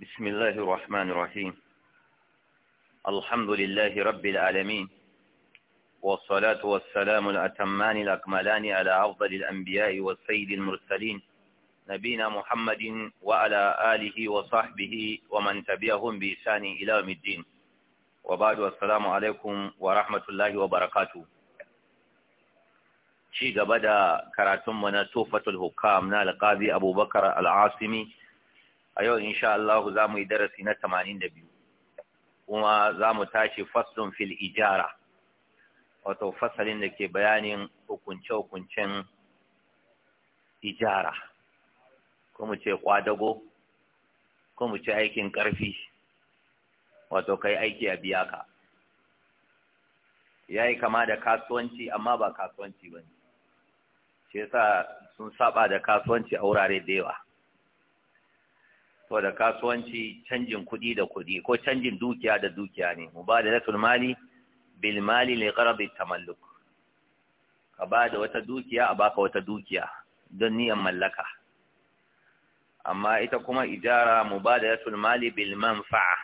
بسم الله الرحمن الرحيم الحمد لله رب العالمين والصلاة والسلام الأتمان الأكملان على أفضل الأنبياء والسيد المرسلين نبينا محمد وعلى آله وصحبه ومن تبعهم بإحسان إلى يوم الدين وبعد السلام عليكم ورحمة الله وبركاته شيء بدأ كراتم من الحكام نال قاضي أبو بكر العاصمي a yau insha Allah za mu yi darasi na tamanin da biyu kuma za mu tashi faslun fil ijara wato fasalin da ke bayanin hukunce-hukuncen ijara kuma ce kwadago kuma ce aikin ƙarfi wato kai aiki a biya ka ya yi kama da kasuwanci amma ba kasuwanci ba ne sa sun saba da kasuwanci a wurare da yawa to da kasuwanci canjin kuɗi da kuɗi ko canjin dukiya da dukiya ne mu ba da mubadalatul mali bil mali li qarabi tamalluk ka ba da wata dukiya a baka wata dukiya don niyan mallaka amma ita kuma ijara mu ba da mubadalatul mali bil manfa'a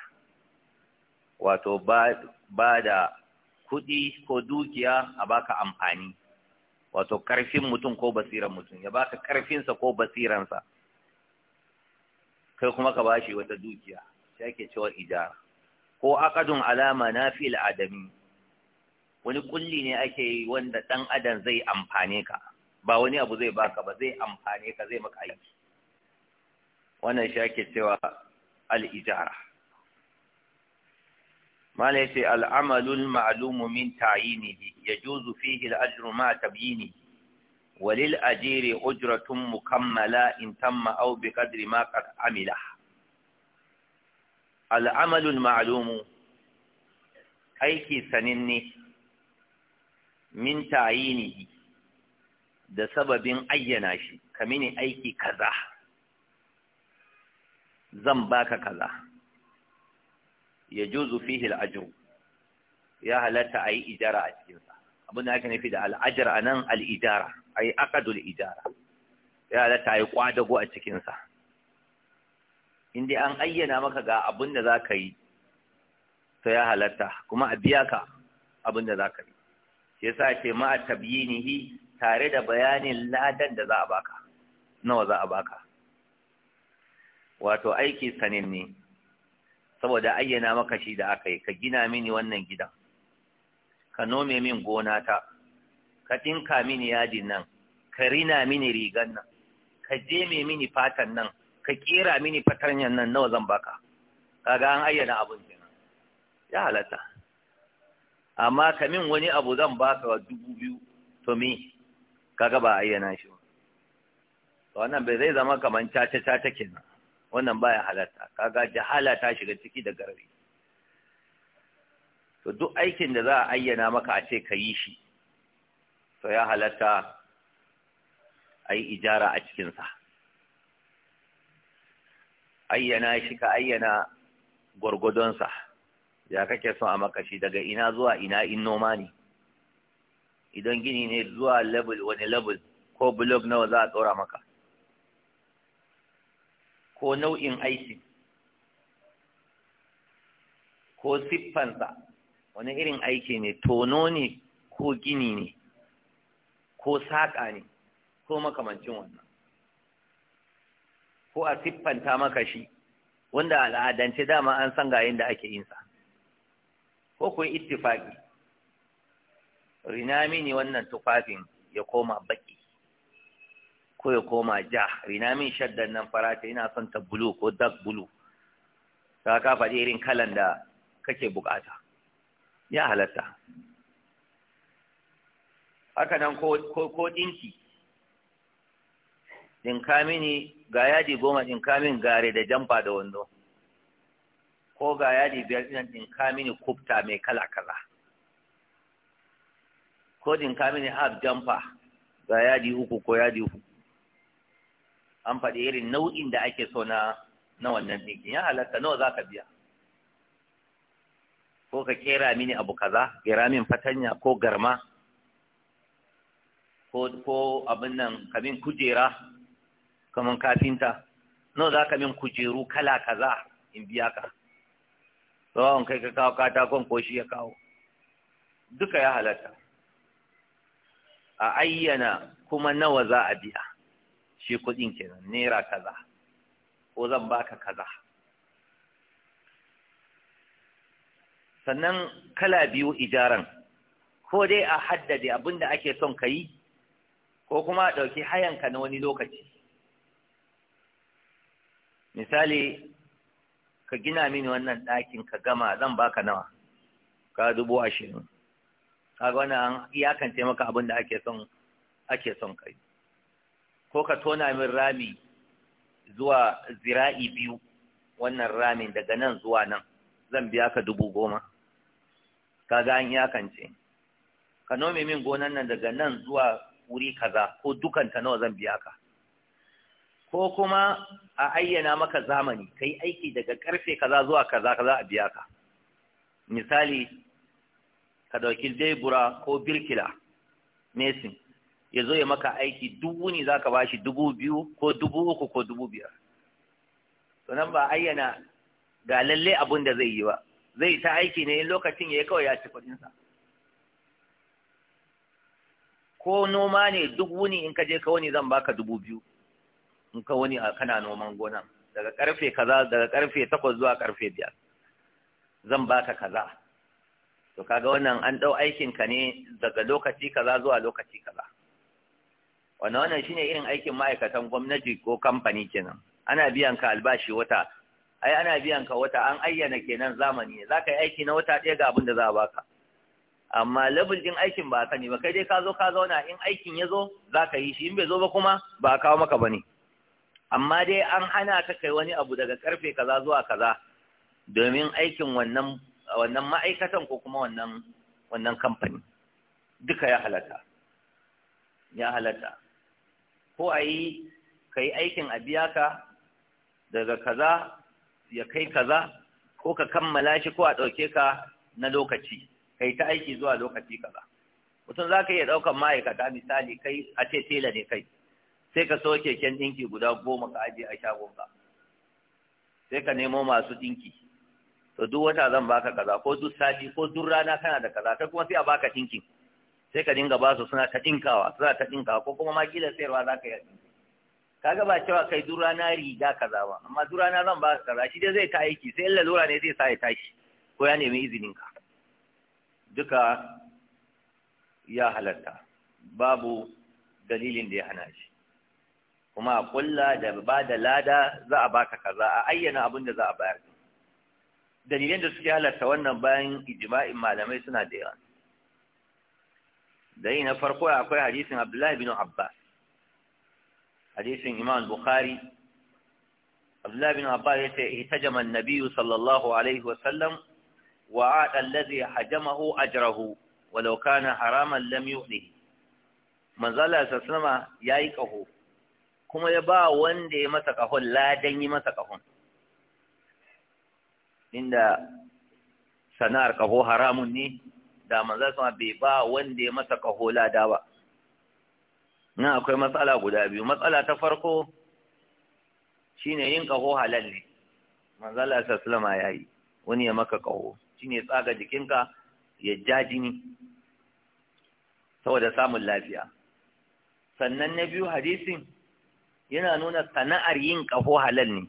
wato ba da kuɗi ko dukiya a baka amfani wato karfin mutum ko basiran mutum ya baka karfinsa ko basiransa kai kuma ka bashi wata dukiya shi ake cewa ijara ko aqadun alama nafi'il adami wani kulli ne ake yi wanda dan adam zai amfane ka ba wani abu zai baka ba zai amfane ka zai maka aiki wannan shi ake cewa al-ijara malai sai al'amalul ma'lumu min ta'yinihi yajuzu fihi al-ajru ma tabyinihi walil ajiri ujratun mukammala in tamma aw bi qadri ma qad amila al'amalul ma'lumu aiki saninne min tayinihi da sababin ayyana shi kamini aiki kaza zan baka kaza ya juzu fihi al'ajru ya halatta ayi ijara a cikinsa abin da ake nufi da al'ajar anan al'ijara a yi akadul ijara ya da a yi kwadago a cikinsa inda an ayyana maka ga abin da za ka yi ta ya halatta kuma a biya ka abin da za ka yi ke sa ce ma a tare da bayanin ladan da za a baka nawa za a baka wato aiki sanin ne saboda ayyana maka shi da aka yi ka gina mini wannan gidan ka nome min gona ta ka ɗinka mini yadin nan ka rina mini rigan nan ka jeme mini fatan nan ka kera mini fatanyan nan nawa zan baka kaga an ayyana ke nan, ya halatta amma ka min wani abu zan baka wa dubu biyu to me ga ba ayyana shi to wannan bai zai zama kaman caca caca kenan wannan baya halatta kaga jahala ta shiga ciki da garbi to duk aikin da za a ayyana maka a ce ka yi shi to ya halatta a yi ijara a cikinsa ayyana shi ka ayyana gwargwadonsa ya kake son a makashi daga ina zuwa ina in noma ne idan gini ne zuwa level wani level ko blog nawa za a tsora maka ko nau'in aiki ko siffansa wani irin aiki ne tono ne ko gini ne ko saƙa ne ko makamancin wannan ko a siffanta maka shi wanda al'adance dama an san ga yadda ake yinsa ko kuwa ittifaki rina mini wannan tufafin ya koma baki ko ya koma ja rina min shaddan nan farata ina son ta bulu ko dark bulu ta ka faɗi irin kalan da kake bukata ya halatta haka nan ko ɗinki ɗinka mini ga yadi goma ɗinka min gare da jamfa da wando ko ga yadi biyar ɗinan ɗinka mini kufta mai kala kala ko ɗinka mini half jamfa ga yadi uku ko yadi uku an faɗi irin nau'in da ake so na na wannan ɗinkin ya halatta nawa za ka biya ko ka kera mini abu kaza kera min fatanya ko garma ko abin nan kamin kujera kaman kafinta no za ka min kujeru kala kaza in biya ka tsawon kai ka kawo katakon ko shi ya kawo duka ya halatta a ayyana kuma nawa za a biya shi kudin kenan naira kaza ko zan baka kaza sannan kala biyu ijaran ko dai a haddade abinda ake son ka yi ko kuma a ɗauki hayanka na wani lokaci misali ka gina mini wannan ɗakin ka gama zan baka nawa ka dubu ashirin kaga wannan an iyakan maka abin da ake son ake son kai ko ka tona min rami zuwa zira'i biyu wannan ramin daga nan zuwa nan zan biya ka dubu goma kaga an iyakance ka nome min gonan nan daga nan zuwa wuri kaza ko dukanta nawa zan biya ka ko kuma a ayyana maka zamani kai aiki daga karfe kaza zuwa kaza kaza a biya ka misali ka dauki lebura ko birkila mesin ya zo ya maka aiki dubu ne za ka ba shi dubu biyu ko dubu uku ko dubu biyar nan ba ayyana ga lalle abin da zai yi ba zai ta aiki ne lokacin ya yi kawai ya ci kuɗinsa ko noma ne duk wuni in ka je ka wani zan baka dubu biyu in ka wani kana noman gona daga karfe kaza daga karfe takwas zuwa karfe biyar zan baka kaza to kaga wannan an ɗau aikin ka ne daga lokaci kaza zuwa lokaci kaza wannan wannan shine irin aikin ma'aikatan gwamnati ko kamfani kenan ana biyan ka albashi wata ai ana biyan ka wata an ayyana kenan zamani ne zaka yi aiki na wata ɗaya ga abin da za a baka amma level din aikin ba ne ba kai dai ka zo ka zauna in aikin ya zo za ka yi shi in bai zo ba kuma ba kawo maka ba ne amma dai an hana ka kai wani abu daga karfe kaza zuwa kaza domin aikin wannan wannan ma'aikatan ko kuma wannan wannan kamfani duka ya halatta ya halatta ko a yi ka yi aikin a biya ka daga kaza ya kai kaza ko ka kammala shi ko a ɗauke ka na lokaci kai ta aiki zuwa lokaci kaza mutum za ka iya ɗaukan ma'aikata misali kai a ce tela ne kai sai ka so keken ɗinki guda goma ka ajiye a shagonka sai ka nemo masu ɗinki to duk wata zan baka kaza ko duk sati ko duk rana kana da kaza kai kuma sai a baka ɗinkin sai ka dinga basu suna ta ɗinkawa suna ta ɗinkawa ko kuma ma kila sayarwa za ka yi kaga ba cewa kai duk rana riga kaza ba amma duk rana zan baka kaza shi dai zai ta aiki sai in lalura ne zai sa ya tashi ko ya nemi izinin ka duka ya halatta babu dalilin da ya hana shi kuma a kulla da ba da lada za a baka kaza a ayyana abin da za a bayar Dalilin da suke halatta wannan bayan ijma'in malamai suna da yawa Da yi na farko akwai hadisin Abdullahi bin Abbas hadisin Imam Bukhari Abdullahi bin Abbas ce ihtajama an-nabiy sallallahu alaihi wa sallam وعاد الذي حجمه أجره ولو كان حراما لم يؤذه من ظل سسلم يأيكه كما يبا وندي مسكه لا دني مسكه عند sanar kaho haramun ne da manzo sama bai ba wanda ya masa kaho lada ba nan akwai matsala guda biyu matsala ta farko shine yin kaho halal ne manzo Allah sallallahu alaihi wasallam yayi wani ya maka kaho shine ya tsaga jikinka ya ja jini saboda samun lafiya sannan na biyu hadisin yana nuna sana'ar yin kaho halal ne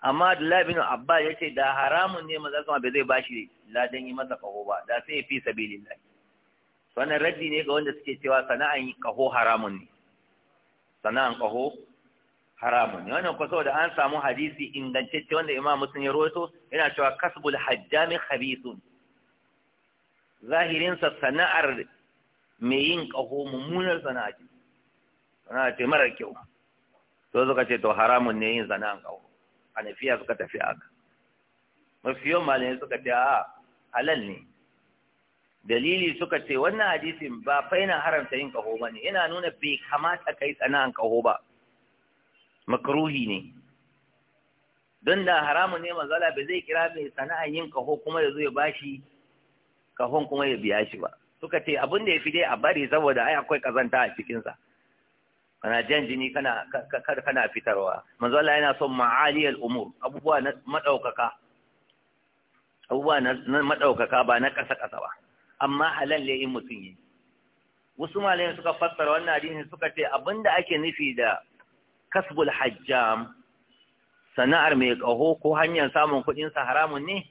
amma Abdullahi bin Abba ya ce da haramun ne maza kuma bai zai bashi ladan yi masa ƙaho ba da sai ya fi sabilillah wannan raddi ne ga wanda suke cewa sana'an ƙaho haramun ne sana'an ƙaho haramun ne wannan kwaso da an samu hadisi ingantacce wanda imam musulun ya roto yana cewa kasbul hajjami habisun zahirin sa sana'ar mai yin kaho mummunar sana'a ce sana'a ce mara kyau to suka ce to haramun ne yin sana'an A hanafiya suka tafi aka mafiyon malamai suka ce a halal ne dalili suka ce wannan hadisin ba fai na haramta yin kaho ne, yana nuna bai kamata kai sana'a ƙaho ba makaruhi ne don da haramu ne mazala ba zai kira mai sana'a yin kaho kuma ya zo ya bashi kahon kuma ya biya shi ba suka ce abin da ya fi dai a bari saboda ai akwai kazanta a cikinsa kana jan jini kana kana fitarwa Mazala yana son ma'ali al'umur abubuwa na madaukaka abubuwa na madaukaka ba na kasa kasa ba amma halal ne in mutun yi wasu malayen suka fassara wannan hadisi suka ce abinda ake nufi da kasbul hajjam sana'ar mai kaho ko hanyar samun kuɗinsa haramun ne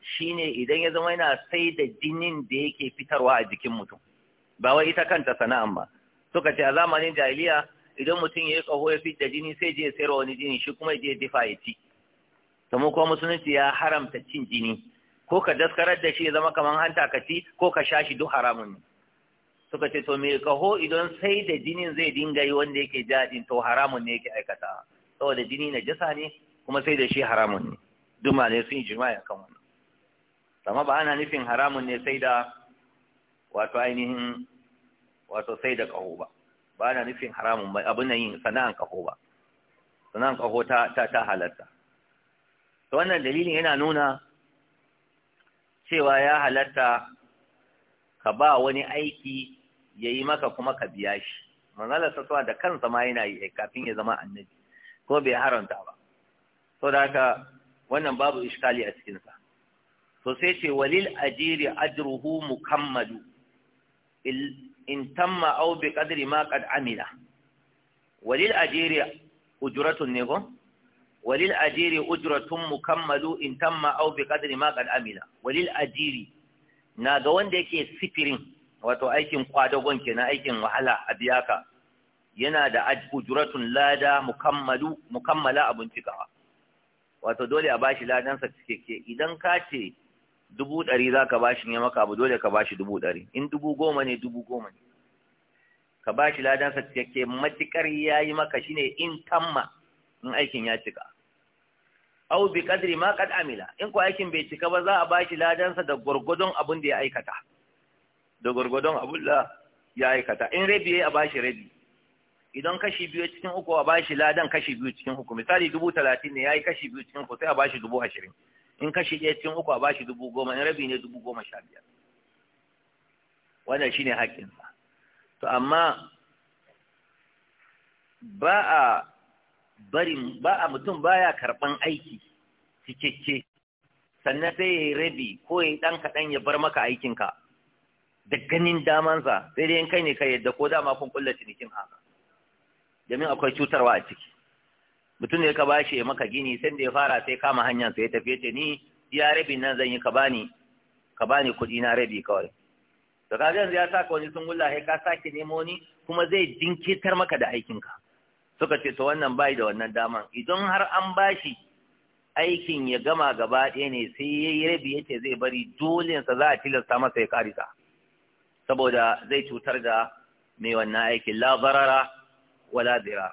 shine idan ya zama yana sai da jinin da yake fitarwa a jikin mutum ba wai ita kanta sana'an ba suka ce a zamanin jahiliya idan mutum ya yi ƙaho ya fitar jini sai je sayarwa wani jini shi kuma je difa ya ci kamar kuma musulunci ya haramta cin jini ko ka daskarar da shi ya zama kamar hanta ka ci ko ka sha shi duk haramun ne suka ce to me kaho idan sai da jinin zai dinga yi wanda yake jadin to haramun ne yake aikata saboda jini na jasa ne kuma sai da shi haramun ne duma ne sun yi jima'i kan wannan amma ba ana nufin haramun ne sai da wato ainihin wato sai da kaho ba ba ana nufin haramun ba abin nan yin sana'an kaho ba sana'an kaho ta ta ta halatta to wannan dalilin yana nuna cewa ya halatta ka ba wani aiki ya yi maka kuma ka biya shi manzala sassuwa da kansa ma yana yi eh, kafin ya zama annabi ko bai haranta ba so da haka wannan babu iskali a cikinsa to sai ce walil ajiri ajruhu mukammadu in tamma aw bi qadri ma qad amila walil ajiri ujratun ne ko walil ajiri ujratun mukammadu in tamma aw bi qadri ma qad amila walil ajiri na ga wanda yake sifirin wato aikin kwadagon kenan aikin wahala a biya ka yana da ujuratun lada mukammalu mukammala abun cikawa wato dole a bashi ladansa cikakke idan ka ce dubu ɗari za ka bashi ne maka abu dole ka bashi dubu ɗari in dubu goma ne dubu goma ne ka bashi ladansa cikakke matuƙar ya yi maka shine in tamma in aikin ya cika au bi kadri ma kad amila in ko aikin bai cika ba za a bashi ladansa da gwargwadon abin da ya aikata da gwargwadon abin da ya aikata in rabi ya yi a bashi rabi idan kashi biyu cikin uku a bashi ladan kashi biyu cikin uku misali dubu talatin ne ya yi kashi biyu cikin uku sai a bashi dubu ashirin in kashi ɗaya cikin uku a bashi dubu goma in rabi ne dubu goma sha biyar wannan shine haƙƙinsa to amma ba a barin ba a mutum baya karɓan aiki cikakke sannan sai ya yi rabi ko ya yi ɗan kaɗan ya bar maka aikinka da ganin damansa sai dai kai ne ka yadda ko dama kun kulla cinikin haka domin akwai cutarwa a ciki mutum ne ka bashi ya maka gini sai da ya fara sai kama hanyar sai ya tafi ni iya rabin nan zan yi ka bani ka bani kuɗi na rabi kawai to ka yanzu ya saka wani gulla sai ka sake nemo ni kuma zai dinkitar maka da aikin ka suka ce to wannan bai da wannan daman idan har an bashi aikin ya gama gaba ɗaya ne sai ya yi rabi ya zai bari sa za a tilasta masa ya karisa saboda zai cutar da mai wannan aikin la wala zira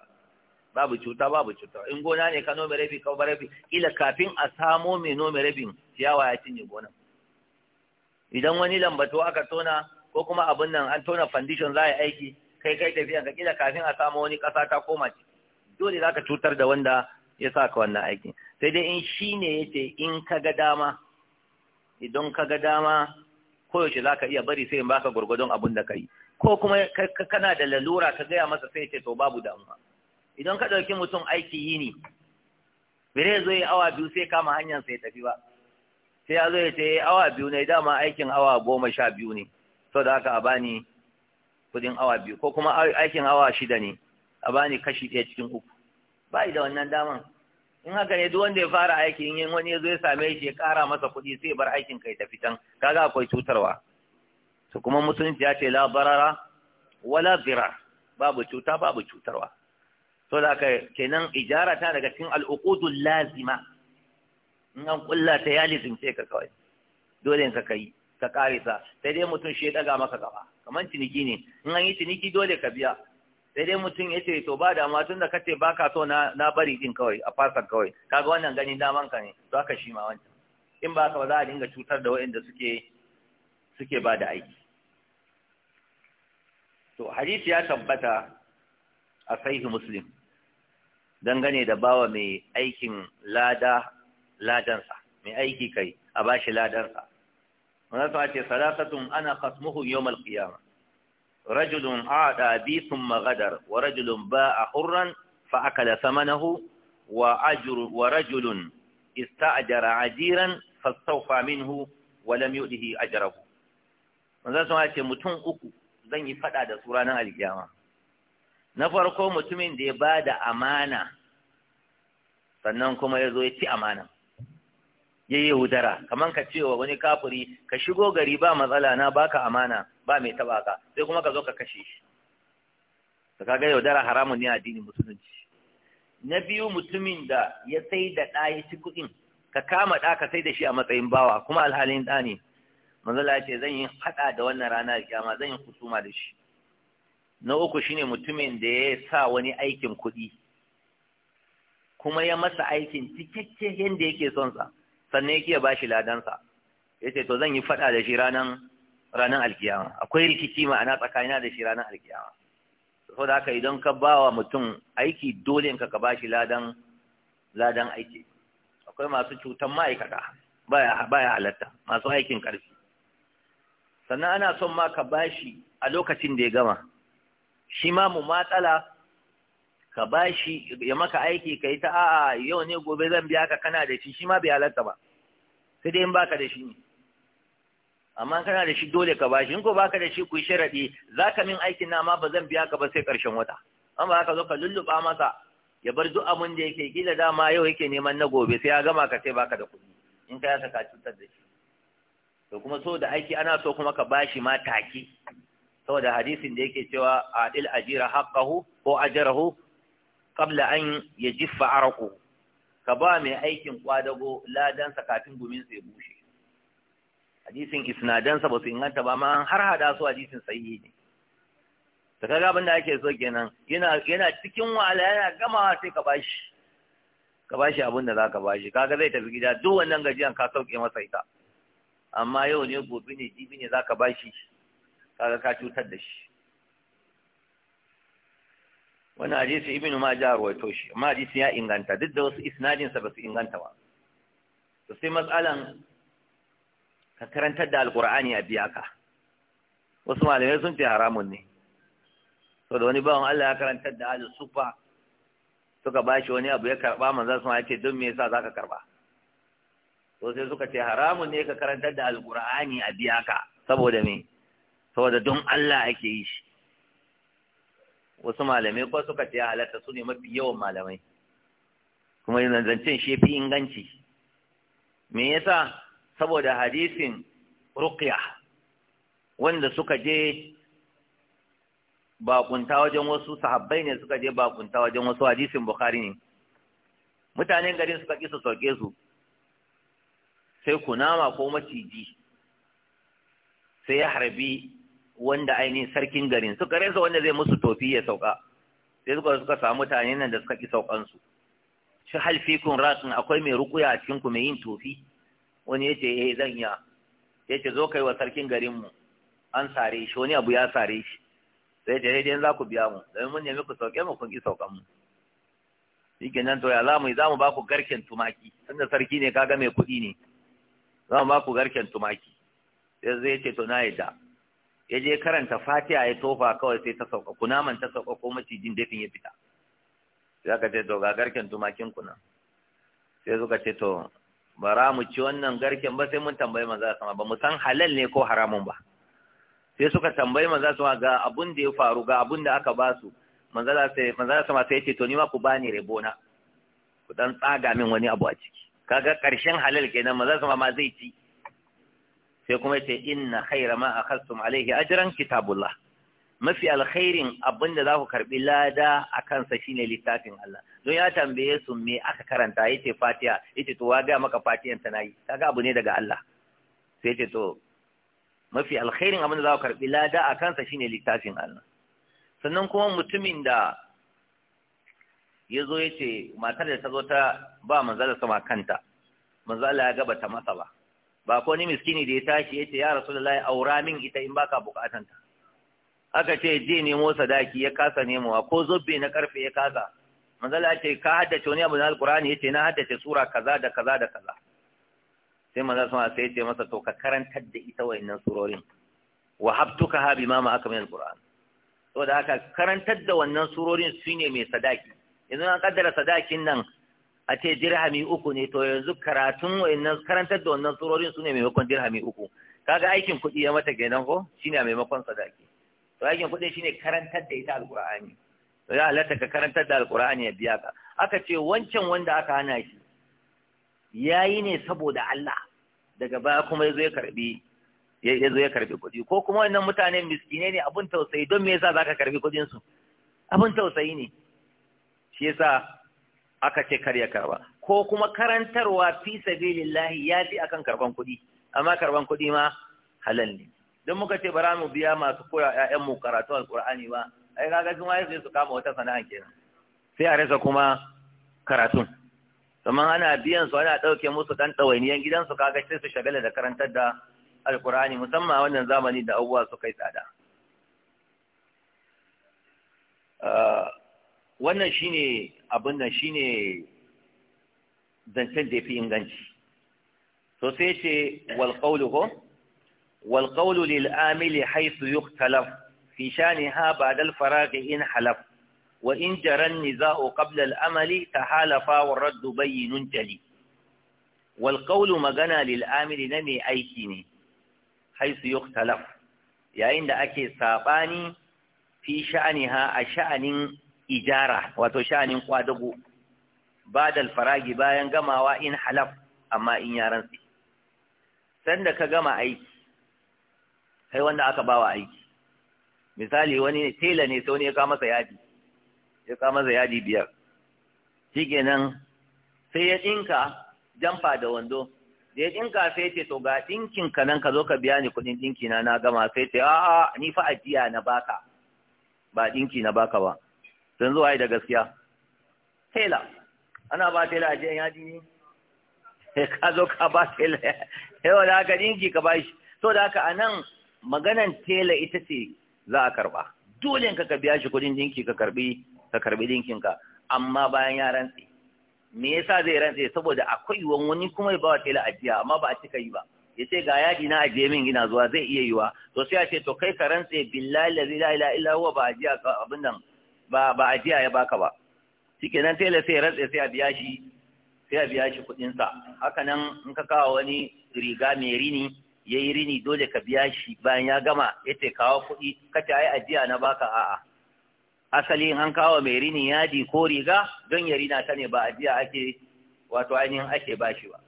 babu cuta babu cuta in gona ne ka nome rabi ka bar rabi kila kafin a samo mai nome rabin ciyawa ya cinye gona idan wani lambatu aka tona ko kuma abin nan an tona foundation za a yi aiki kai kai tafiya. ka kila kafin a samo wani kasa ta koma ci dole za ka cutar da wanda ya sa ka wannan aikin sai dai in shi ne ya ce in ka ga dama idan ka ga dama koyaushe za ka iya bari sai in baka gwargwadon abin da ka yi ko kuma kana da lalura ka gaya masa sai ce to babu damuwa idan ka ɗauki mutum aiki yi ne bire zo yi awa biyu sai kama hanyar sai tafi ba sai ya zo ya ce eh, awa biyu ne dama aikin awa goma sha biyu ne da haka a bani kudin awa biyu ko kuma aikin awa shida ne a bani kashi ɗaya cikin uku ba da wannan daman in haka ne duk wanda ya fara aikin yin wani ya zo ya same shi ya kara masa kuɗi sai bar aikin kai tafi can kaga akwai cutarwa su kuma musulunci ya ce la barara wala zira babu cuta babu cutarwa to da aka kenan ijara ta daga cikin al'uqudul lazima in an kulla ta ya ce ka kawai dole ka kai ka kare sa sai dai mutum shi ya daga maka gaba kamar ciniki ne in an yi ciniki dole ka biya sai dai mutum ya ce to ba dama tun da kace ba ka so na bari din kawai a fasar kawai kaga wannan ganin daman ka ne to aka shi ma wancan in ba ka ba za a dinga cutar da waɗanda suke suke ba da aiki to hadisi ya tabbata a sahihi muslim dangane da bawa mai aikin lada ladansa mai aiki kai a bashi ladansa wannan sa ce sadaqatun ana yawm al qiyamah rajulun aada bi thumma ghadar wa rajulun ba'a hurran fa akala thamanahu wa ajru wa rajulun ista'jara ajiran fastawfa minhu wa lam yudihi ajrahu manzo sun ce mutum uku zan yi faɗa da su ranar alkiyama na farko mutumin da ya ba da amana sannan kuma ya zo ya ci amana ya yi yaudara kamar ka cewa wani kafuri ka shigo gari ba matsala na baka amana ba mai taba ka sai kuma ka zo ka kashe shi ka kaga yaudara haramun ne a addinin musulunci na biyu mutumin da ya sai da ɗa ya ci kuɗin ka kama ɗa ka sai da shi a matsayin bawa kuma alhalin ɗa ne manzala ce zan yi haɗa da wannan rana da kyama zan yi kusuma da shi na uku shine mutumin da ya sa wani aikin kuɗi kuma ya masa aikin cikakke yadda yake son sa sannan yake ba shi ladansa ya ce to zan yi fada da shi ranan ranan alkiyama akwai rikici ma'ana tsakanina da shi ranan alkiyama da haka idan ka bawa mutum aiki dole ka ka bashi ladan ladan aiki akwai masu cutan ma'aikata baya baya halatta masu aikin karfi sannan ana son ma ka bashi a lokacin da ya gama shi ma mu matsala ka bashi ya maka aiki kai ta a'a yau ne gobe zan biya ka kana da shi shi ma biya halatta ba sai dai in baka da shi ne amma kana da shi dole ka bashi in ko baka da shi ku yi sharaɗi. Za ka min aikin na ma ba zan biya ka ba sai ƙarshen wata An ba ka zo ka lulluɓa masa ya bar duk abin da yake kila dama yau yake neman na gobe sai ya gama ka sai baka da kuɗi in ka yasa ka cutar da shi to kuma so da aiki ana so kuma ka bashi ma take saboda hadisin da yake cewa adil ajira haqqahu ko ajrahu kabla an jiffa arako ka ba mai aikin kwadago ladansa kafin gumin ya bushe hadisin isnadansa ba su inganta ba ma har hada su hadisin sahihi ne ta kaga abin da ake so kenan yana yana cikin wahala yana gamawa sai ka bashi ka bashi abin da zaka bashi kaga zai tafi gida duk wannan gajiyan ka sauke masa ita amma yau ne gobe ne jibi ne zaka bashi kaga ka cutar da shi wani hadisi ibnu majah ruwaito shi amma hadisi ya inganta duk da wasu isnadin sa basu inganta ba to sai matsalan ka karantar da alqur'ani a biya ka wasu malamai sun ce haramun ne to da wani bawan Allah ya karantar da ahlus sufa suka bashi wani abu ya karba manzon sun ce don me yasa zaka karba to sai suka ce haramun ne ka karantar da alqur'ani a biya ka saboda me saboda don Allah ake yi shi wasu malamai ko suka ce halatta su ne mafi yawan malamai kuma zancen shi fi inganci me yasa saboda hadisin ruqya wanda suka je bakunta wajen wasu sahabbai ne suka je bakunta wajen wasu hadisin bukhari ne mutanen garin suka ƙi su sauke su sai kunama ko maciji sai ya harbi wanda ainihin sarkin garin suka rasa wanda zai musu tofi ya sauka sai suka suka samu mutane nan da suka ki saukan su shi halfikun rasin akwai mai rukuya a cikin ku mai yin tofi wani yace eh zan ya yace zo kai wa sarkin garin mu an sare shi wani abu ya sare shi sai ce dai za ku biya mu dan mun nemi ku sauke mu kun ki saukan mu shike nan to ya za mu yi za mu ba ku garken tumaki tunda sarki ne kaga mai kuɗi ne za mu ba ku garken tumaki sai zai ce to na yadda ya je karanta fatiha ya tofa kawai sai ta sauka kunaman ta sauka ko macijin dafin ya fita sai aka ce to ga garken tumakin kuna sai suka ce to bara mu ci wannan garken ba sai mun tambayi maza sama ba mu san halal ne ko haramun ba sai suka tambayi maza sama ga abun da ya faru ga abun da aka ba su maza sama sai ya ce to ni ma ku bani na ku dan tsaga min wani abu a ciki kaga karshen halal kenan maza sama ma zai ci sai kuma yace inna khaira ma akhadtum alayhi ajran kitabullah mafi alkhairin abinda za ku karbi lada a kansa shine littafin Allah don ya tambaye su me aka karanta yace Fatiha yace to waga maka Fatiha ta nayi kaga abu ne daga Allah sai yace to mafi alkhairin abinda za ku karbi lada a kansa shine littafin Allah sannan kuma mutumin da yazo yace matar da ta zo ta ba manzala sama kanta manzala ya ta masa ba ba ko ni miskini da ya tashi ce ya rasulullahi aura min ita in baka bukatan ta aka ce je nemo sadaki ya kasa nemowa ko zobbe na karfe ya kasa manzala ce ka haddace wani abu na alkurani ce na haddace sura kaza da kaza da kaza sai manzala sun sai ce masa to ka karantar da ita wayannan surorin wa habtuka ha bima ma aka min To saboda haka karantar da wannan surorin shine mai sadaki yanzu an kaddara sadakin nan a ce dirhami uku ne to yanzu karatun wayannan karantar da wannan surorin su ne maimakon dirhami uku kaga aikin kuɗi ya mata gidan ko shine a maimakon sadaki to aikin kuɗi shine karantar da ita alqur'ani to ya halatta ka karantar da alqur'ani ya biya ka aka ce wancan wanda aka hana shi yayi ne saboda Allah daga baya kuma yazo ya karbi ya zo ya karbi kuɗi ko kuma wannan mutane miskine ne abin tausayi don me yasa zaka karbi kuɗin su abin tausayi ne shi yasa aka ce kar ya karba ko kuma karantarwa fi sabilillahi ya fi akan karban kuɗi amma karban kuɗi ma halal ne don muka ce bara mu biya masu koya ƴaƴan mu karatu alqur'ani ba ai kaga sun waye su kama wata sana'a kenan sai a rasa kuma karatun kamar ana biyan su ana ɗauke musu ɗan ɗawainiyan su, kaga sai su shagala da karantar da alkur'ani musamman a wannan zamani da abubuwa su kai tsada ah, wannan shine abin nan shine zancen da fi inganci to sai ce wal ko wal qawlu lil amil haythu yukhtalaf fi ha ba dal faragh in halaf wa in jara niza'u qabla al amali halafa wa raddu bayyinun jali walƙaulu magana lil na mai aiki ne haythu yukhtalaf yayin da ake saɓani fi ha a sha'anin ijara wato sha'anin kwadago ba da alfaragi bayan gamawa in halaf amma in yaran sai sanda ka gama aiki kai wanda aka bawa aiki misali wani tela ne sai wani ya kama masa yadi ya kama masa yadi biyar shikenan sai ya dinka jamfa da wando da ya dinka sai ce to ga dinkin ka nan ka zo ka biya ni kudin dinki na na gama sai ce a'a ni fa ajiya na baka ba dinki na baka ba sun zuwa da gaskiya tela ana ba tela a jiyan yaji ne ka zo ka ba tela yau da haka dinki ka ba shi so da haka a nan maganan tela ita ce za a karba dole ka ka biya shi kudin dinki ka karbi ka karbi dinkinka amma bayan ya rantse me yasa zai rantse saboda akwai yiwuwan wani kuma ya ba wa tela jiya. amma ba a cika yi ba ya ce ga yadi na ajiye min ina zuwa zai iya yiwa to sai a ce to kai ka rantse billahi la ilaha illa huwa ba a ajiya abin nan ba ba ajiya ya baka ba shikenan tela sai rantsa sai a biya shi sai a biya shi kuɗin sa haka nan in ka kawo wani riga mai rini yayi rini dole ka biya shi bayan ya gama ce kawo kuɗi kace ai ajiya na baka a'a asali an kawo mai rini yadi ko riga don ya rina ta ne ba ajiya ake wato ainihin ake bashi ba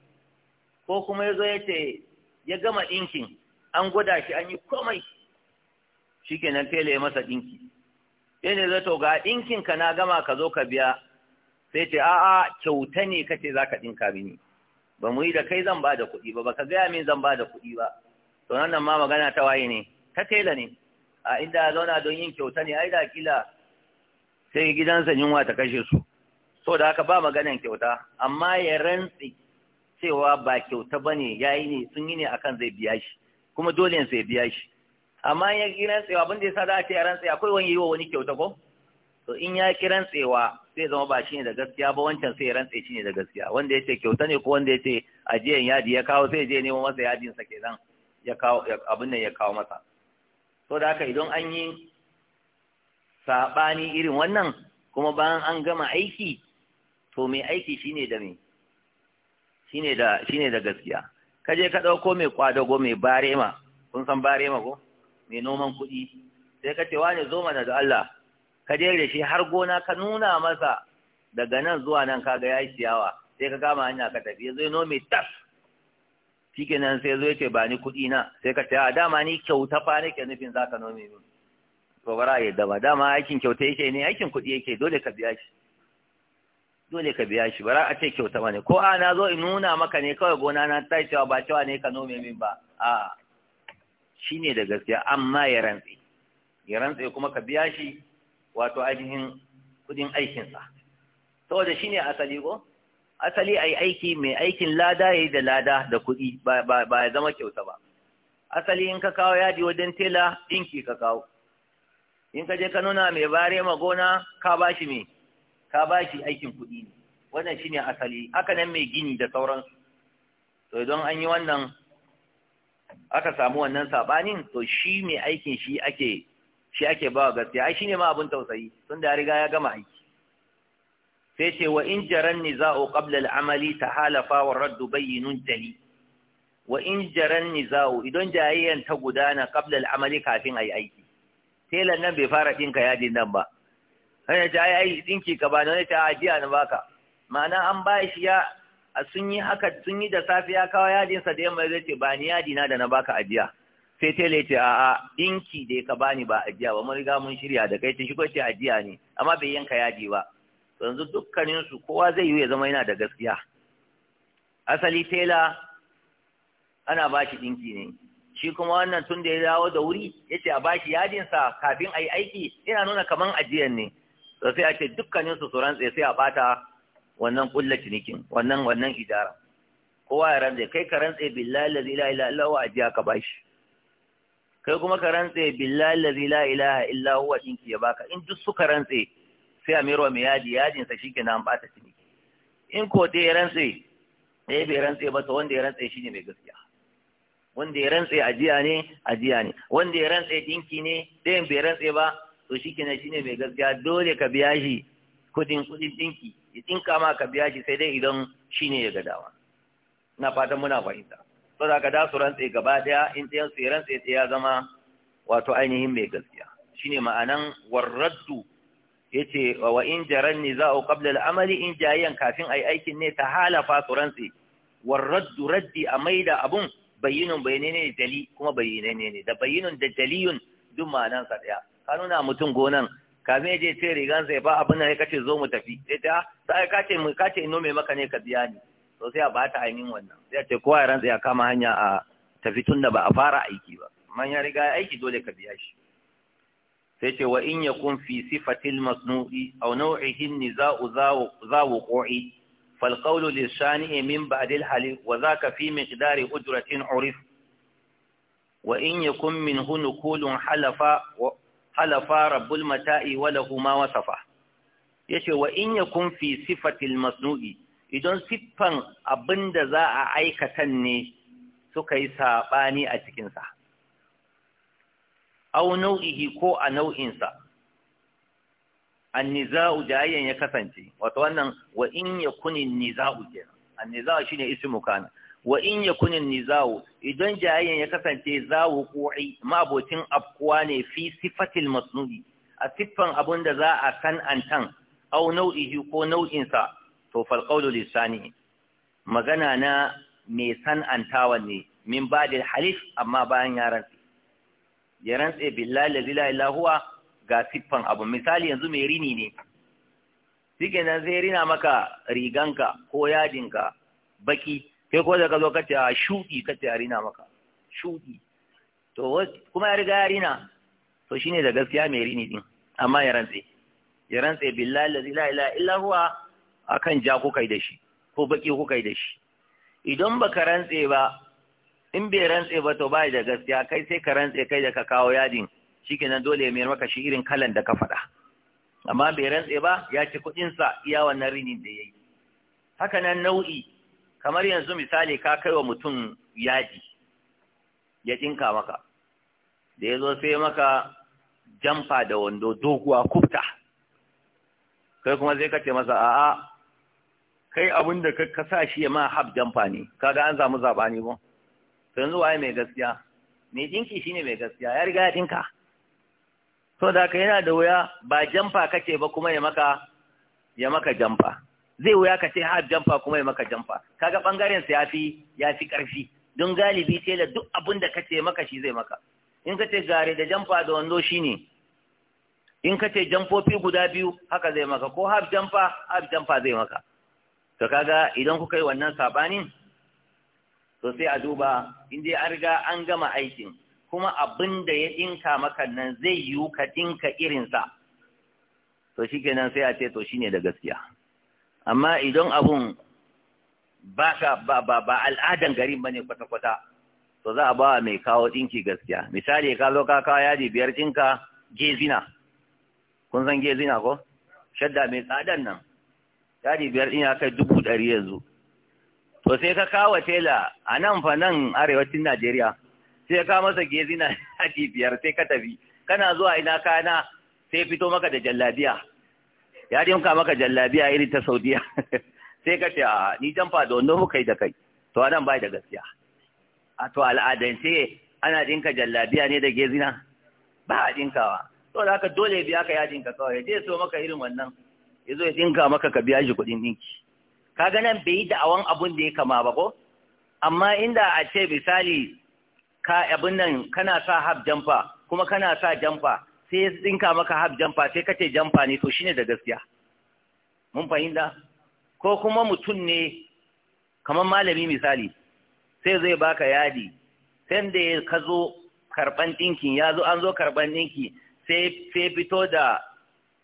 ko kuma ya zo ya ce ya gama ɗinkin an gwada shi an yi komai shi kenan ya masa ɗinki sai ne zato ga ɗinkinka na gama ka zo ka biya sai ce a'a kyauta ne kace za ka ɗinka mini ba mu yi da kai zan ba da kuɗi ba ba ka gaya min zan ba da kuɗi ba to nan ma magana ta waye ne ta tela ne a inda ya zauna don yin kyauta ne ai da kila sai gidansa yunwa ta kashe su so da haka ba maganan kyauta amma ya rantsi cewa ba kyauta ba ne ya yi ne sun yi ne akan zai biya shi kuma dole sai biya shi amma ya kiran tsewa abin da yasa za a ce ya rantse akwai wani yi wani kyauta ko to in ya kiran tsewa sai zama ba shine da gaskiya ba wancan sai ran rantse shine da gaskiya wanda yace kyauta ne ko wanda yace ajiyan yadi ya kawo sai je neman masa yadin sa kenan ya kawo abin nan ya kawo masa to da haka idan an yi sabani irin wannan kuma bayan an gama aiki to mai aiki shine da me shine da shine da gaskiya kaje ka dauko mai kwadago mai barema kun san barema ko mai noman kuɗi sai ka ce wane zo mana da Allah ka jere shi har gona ka nuna masa daga nan zuwa nan kaga ya yi ciyawa sai ka kama hanya ka tafi zai nome tas shikenan sai zo ce ba ni kuɗi na sai ka ce a dama ni kyauta fa nake nufin za ka nome min to bara ya dama dama aikin kyauta yake ne aikin kuɗi yake dole ka biya shi dole ka biya shi bara a ce kyauta ba ne ko a na zo in nuna maka ne kawai gona na ta cewa ba cewa ne ka nome min ba a Shi ne da gaskiya amma ya rantse ya rantse kuma ka biya shi wato ainihin kudin aikinsa saboda ne asali ko asali ai aiki mai aikin lada yayi da lada da kudi ba ya zama kyauta ba asali in ka kawo yadi wajen tela dinki ka kawo in ka je ka nuna mai bare magona ka bashi mai ka shi aikin kudi ne wannan shine asali haka nan mai gini da sauransu to don an yi wannan aka samu wannan sabanin to shi mai aikin shi ake shi ake bawa gaskiya ai shine ma abun tausayi Tun da riga ya gama aiki sai ce wa in jaran niza'u qabla al-amali tahalafa wa radd bayyinun tali wa in jaran niza'u idan jayayyan ta gudana qabla al-amali kafin ayi aiki telan nan bai fara dinka yadin nan ba sai ya ai dinki ka ba ne ta ajiya na baka ma'ana an ba shi ya a sun yi haka sun yi da safiya kawo yadinsa da yamma zai ce ba ni yadi na da na baka ajiya sai tele ce a a dinki da ka bani ba ajiya ba mun riga mun shirya da kai tun shigo ce ajiya ne amma bai yanka yadi ba yanzu dukkanin su kowa zai yi ya zama yana da gaskiya asali tela ana ba shi dinki ne shi kuma wannan tun da ya dawo da wuri ya ce a ba shi yadinsa kafin a yi aiki yana nuna kaman ajiyan ne sai a ce dukkanin su su rantse sai a bata wannan kulla cinikin wannan wannan idara kowa ya rantse kai ka rantse billahi la ilaha illa huwa ajiya ka bashi kai kuma ka rantse billahi la ilaha illa huwa dinki ya baka in duk suka rantse sai amirwa mai yadi yadin sa shike nan bata ciniki in ko dai rantse dai eh, bai rantse ba to wanda ya rantse shine mai gaskiya wanda ya rantse ajiya ne ajiya ne wanda ya rantse dinki ne dai bai rantse ba to shikenan shine mai gaskiya dole ka biya shi kudin kudin dinki ya tsinka ma ka biya shi sai dai idan shi ne ya ga dama na fatan muna fahimta so da ka da su rantse gaba daya in ɗayan su ya rantse ya zama wato ainihin mai gaskiya Shi ne ma'anan warraddu yace wa in jaran za a kabla amali in jayan kafin a yi aikin ne ta halafa su rantse warraddu raddi a maida abun bayyinun bayyane ne dali kuma bayyane ne da bayyinun da daliyun duk ma'anansa ɗaya ka nuna mutum gonan kafin ya je ce rigansa ya ba abin nan kace zo mu tafi sai ta sai ka ce mu ka ce ino mai maka ne ka biya ni to sai a ba ta ainihin wannan sai ce kowa ya ransa ya kama hanya a tafi tunda ba a fara aiki ba man ya riga aiki dole ka biya shi sai ce wa in yakun fi sifatil masnu'i aw naw'ihi niza'u za wuqu'i fal qawlu shani'i min ba'dil hali wa zaka fi miqdari ujratin urif wa in yakun minhu nuqulun halafa halafa rabbul mata'i wa lahu ma wasafa yace wa in yakun fi sifatil masnu'i idan siffan abinda za a aikatan ne suka yi sabani a cikin sa aw nau'ihi ko a nau'in sa anniza'u jayyan ya kasance wato wannan wa in yakun niza'u kenan anniza'u shine ismu kana wa in yakun nizawu idan jayayyan ya kasance zawu qu'i mabocin afkuwa ne fi sifatil masnu'i a siffan abun da za a san antan au nau'i ko nau'insa to fal qawlu lisani magana na mai san antawan ne min ba'dil halif amma bayan ya rantse ya rantse billahi la ilaha ga siffan abu misali yanzu mai rini ne shikenan zai rina maka riganka ko yadinka baki kai ko da ka zo kace a shuɗi kace a rina maka shuɗi to kuma ya riga ya rina to shine da gaskiya mai rini din amma ya rantse ya rantse billahi la ilaha illa huwa akan ja kuka yi da shi ko baki kuka yi da shi idan baka rantse ba in bai rantse ba to bai da gaskiya kai sai ka rantse kai da ka kawo yadin shikenan dole ya mayar maka shi irin kalan da ka faɗa amma bai rantse ba ya ci kuɗinsa iya wannan rinin da ya yi haka nan nau'i kamar yanzu misali ka kai wa mutum yaji ya ɗinka maka da ya zo sai maka jamfa da wando doguwa kufta kai kuma zai kace masa a'a kai abin da ka sa shi ya ma hab jamfa ne kaga an samu ne ba yanzu waye mai gaskiya mai dinki shine mai gaskiya ya riga ya dinka so da ka yana da wuya ba jamfa kace ba kuma ya maka ya maka jamfa zai wuya ka ce ha jamfa kuma ya maka jamfa kaga bangaren sa yafi yafi karfi don galibi da duk abin da kace maka shi zai maka in kace gare da jamfa da wando shine in kace jamfofi guda biyu haka zai maka ko ha jamfa ha jamfa zai maka to kaga idan kuka yi wannan sabanin to sai a duba in dai an riga an gama aikin kuma abin da ya dinka maka nan zai yiwu ka dinka irinsa to shikenan sai a ce to shine da gaskiya amma idan abun ba ba ba al'adan garin bane kwata-kwata to za a ba mai kawo ɗinki gaskiya misali ka zo ka kawo yadi biyar ɗinka gezina kun san gezina ko shadda mai tsadan nan yadi biyar din ya kai dubu ɗari yanzu to sai ka kawo tela a nan fa nan arewacin najeriya sai ka masa gezina yadi biyar sai ka tafi kana zuwa ina kana sai fito maka da jallabiya ya dinka maka jallabiya iri ta saudiya sai ka ce a ni jan da wando muka yi da kai to anan bai da gaskiya a to al'adance ana dinka jallabiya ne da gezina ba a dinkawa to da haka dole biya ka ya dinka kawai je so maka irin wannan yazo ya dinka maka ka biya shi kuɗin dinki kaga nan bai yi da'awan abun da ya kama ba ko amma inda a ce misali ka abin nan kana sa hab jamfa kuma kana sa jamfa sai ya tsinka maka hab jamfa sai kace jamfa ne to shine da gaskiya mun fahimta ko kuma mutum ne kamar malami misali sai zai baka yadi sai da ka zo karban dinkin ya zo an zo karban dinki sai fito da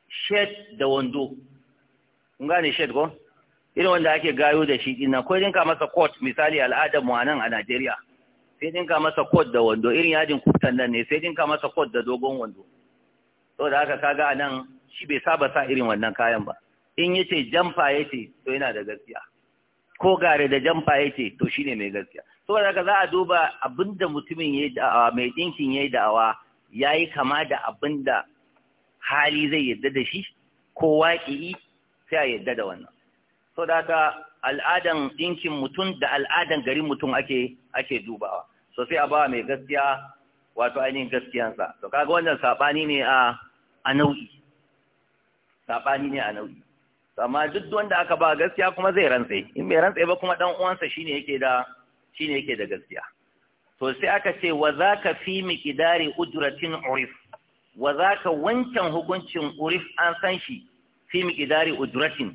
shed da wando kun gane shed ko irin wanda ake gayo da shi dinnan ko dinka masa coat misali al'adar mu a nan a Najeriya sai dinka masa kot da wando irin yadin kuftan nan ne sai dinka masa kot da dogon wando saboda haka kaga nan shi bai saba sa irin wannan kayan ba in yace jamfa yace to yana da gaskiya ko gare da jamfa yace to shine mai gaskiya saboda haka za a duba abinda mutumin yayi da'awa mai dinkin yayi da'awa yayi kama da abinda hali zai yadda da shi ko waƙi sai a yadda da wannan saboda haka al'adan ɗinkin mutum da al'adan garin mutum ake ake dubawa so sai a ba mai gaskiya wato ainihin gaskiyansa to kaga wannan saɓani ne a a nau'i saɓani ne a nau'i amma duk wanda aka ba gaskiya kuma zai rantse in bai rantse ba kuma dan uwansa shine yake da shine yake da gaskiya to sai aka ce wa zaka fi miqdari ujratin urif wa zaka wancan hukuncin urif an san shi fi miqdari ujratin